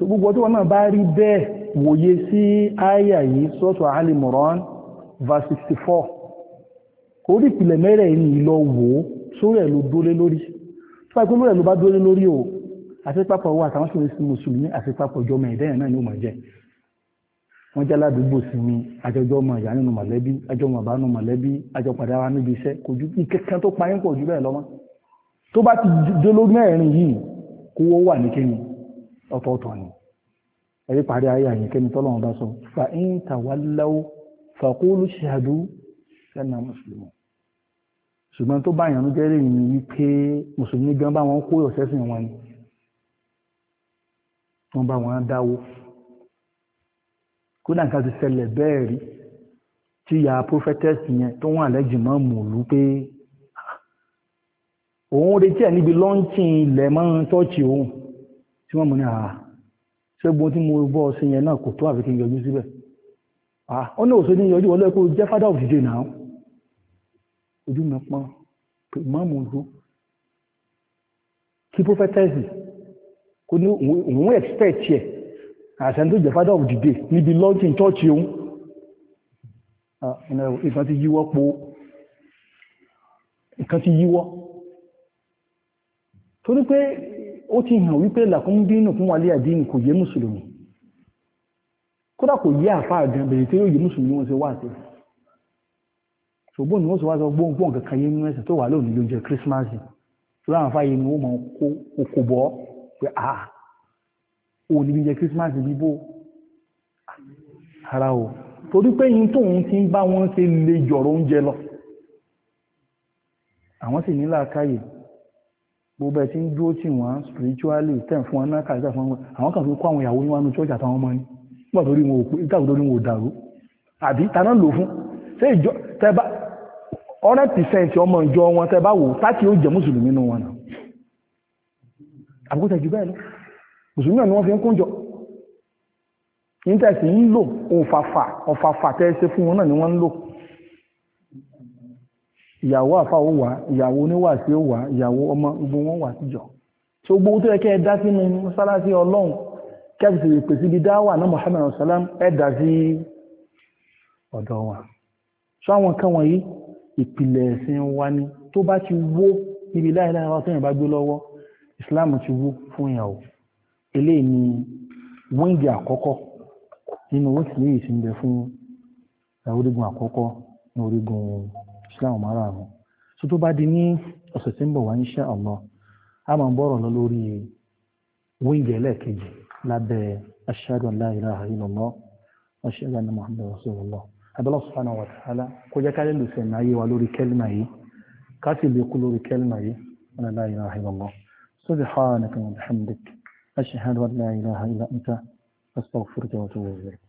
gbogbo ọdún wọn wòye sí àyà yìí sọ́tọ̀ alimoran verse 64 orí ìpìlẹ̀ mẹ́rẹ̀ ní ìlọ wò ó sórí ẹ̀ ló dúró lórí tó àìkú lórí ẹ̀ bá dúró lórí o àṣepapọ̀ wà táwọn ṣòro sí mùsùlùmí àṣepapọ̀ ìjọmọ̀ ìdẹ́yìn náà ni ó mọ̀ jẹ́ wọ́n jẹ́ aládùúgbò sí mi àjọjọ́ ọmọ ìyá nínú mọ̀lẹ́bí àjọ mọ̀ bánú mọ̀lẹ́bí àjọ padà wa níbi iṣẹ́ kò ju ìkẹ́kẹ́ tó payín pọ̀ jù bẹ́ẹ̀ lọ́mọ́ tó bá ti dé lórí mẹ́rin yìí kówó wà ní kíni ọ̀tọ̀ọ̀tọ̀ ni ẹ̀rí parí ayé àyìn kí ni tọ́lọ́run bá sọ fa in tawallaw faqulu shahadu sẹ́nà mùsùlùmí ṣùgbọ́n tó bá ìyànú jẹ́rìí ni wípé mùsùlùmí gan bá wọn kó ọ̀sẹ́sìn wọn ni wọ́n bá wọn dáwó kódà nǹkan ti ṣẹlẹ̀ bẹ́ẹ̀ rí tí ìyá prophetess yẹn tó wọn àlẹ́jì máa mú lù pé òun retí ẹ̀ níbi lọ́ńtì ilẹ̀ mọ́ tọ́ọ̀chì òun tí wọ́n mú ní àá. Ah, ṣégun tí mo bọ́ ọ sí yẹn náà kò tó àfi kí n yọjú síbẹ̀ ó ní òṣèlú yọjú wọlé kó jẹ́ father of the day náà ojú mi pọ́n pé mọ́mù ojú kí prophetess kò ní òun expect yẹ àṣẹyìn tó jẹ́ father of the day níbi launching church òun nǹkan ti yíwọ́ po nǹkan ti yíwọ́ torí pé ó ti hàn wípé làkún dínù fún wàlé àdínì kò yé mùsùlùmí kódà kò yé àfáà gan bẹ̀rẹ̀ tí ó yé mùsùlùmí wọn ṣe wá sí ṣùgbọ́n ni wọ́n ṣe wá sọ gbóngbọ́n kankan yé nínú tó wà lónìí ló ń jẹ kírísímásì ṣùgbọ́n àwọn afáyé ni wọ́n máa kó oko bọ́ pé a ò níbi jẹ kírísímásì bíbó ara o torí pé yín tóun ti ń bá wọn ṣe lè jọ̀rọ̀ oúnjẹ lọ àwọn sì ní làákàyè gbogbo ẹ̀ tí ń dúró tì wọ́n spiritually tẹ̀ fún wọn náà kàrí tẹ̀ fún wọn àwọn kan fi kó àwọn ìyàwó níwájú church àtàwọn ọmọ ni nígbà tó rí wọn òkú nígbà tó rí wọn ò dàrú àbí taná lò fún ṣé ìjọ tẹ bá hundred percent ọmọ ìjọ wọn tẹ bá wò táti ó jẹ mùsùlùmí nínú wọn náà àbúkú tẹ jù bẹ́ẹ̀ lọ mùsùlùmí náà ni wọ́n fi ń kúnjọ níta sì ń lò òfàfà ọ̀fàfà tẹ́ ṣe fún wọn náà ni wọ́n ń lò ìyàwó àfa ó wà ìyàwó oníwàsí ó wà ìyàwó ọmọ gbogbo wọn wà síjọ so gbogbo tó yẹ kẹ́ ẹ dá sínú mọ́sálásí ọlọ́run kẹ́bìsì ìpèsè ibi dáwà náà Muhammad salam ẹ dá sí ọ̀dọ̀ wa so àwọn kan wọ̀nyí ìpìlẹ̀ ẹ̀sìn wa ni tó bá ti wó níbi láìláì wá sẹ́yìn bá gbé lọ́wọ́ Islam ti wó fún yàn o eléyìí ni wíńgì àkọ́kọ́ nínú oríṣiríṣi ń bẹ fún orígun àkọ́kọ́ ní orígun islam márààrún so tó bá di ní ọ̀sẹ̀ tí ń bọ̀ wá insha Allah a máa ń bọ̀rọ̀ lọ lórí wíńgì ẹlẹ́ẹ̀kejì lábẹ́ ashhadu an la ilaha illallah wa ashhadu anna muhammadan rasulullah abẹ́lá subhanahu wa ta'ala kó jẹ́ ká lè lùsẹ̀ náà yé wa lórí kẹ́lìmà yìí ká sì lè kú lórí kẹ́lìmà yìí wọn la ilaha illallah subhanaka wa bihamdik ashhadu an la ilaha illa anta astaghfiruka wa atubu ilayk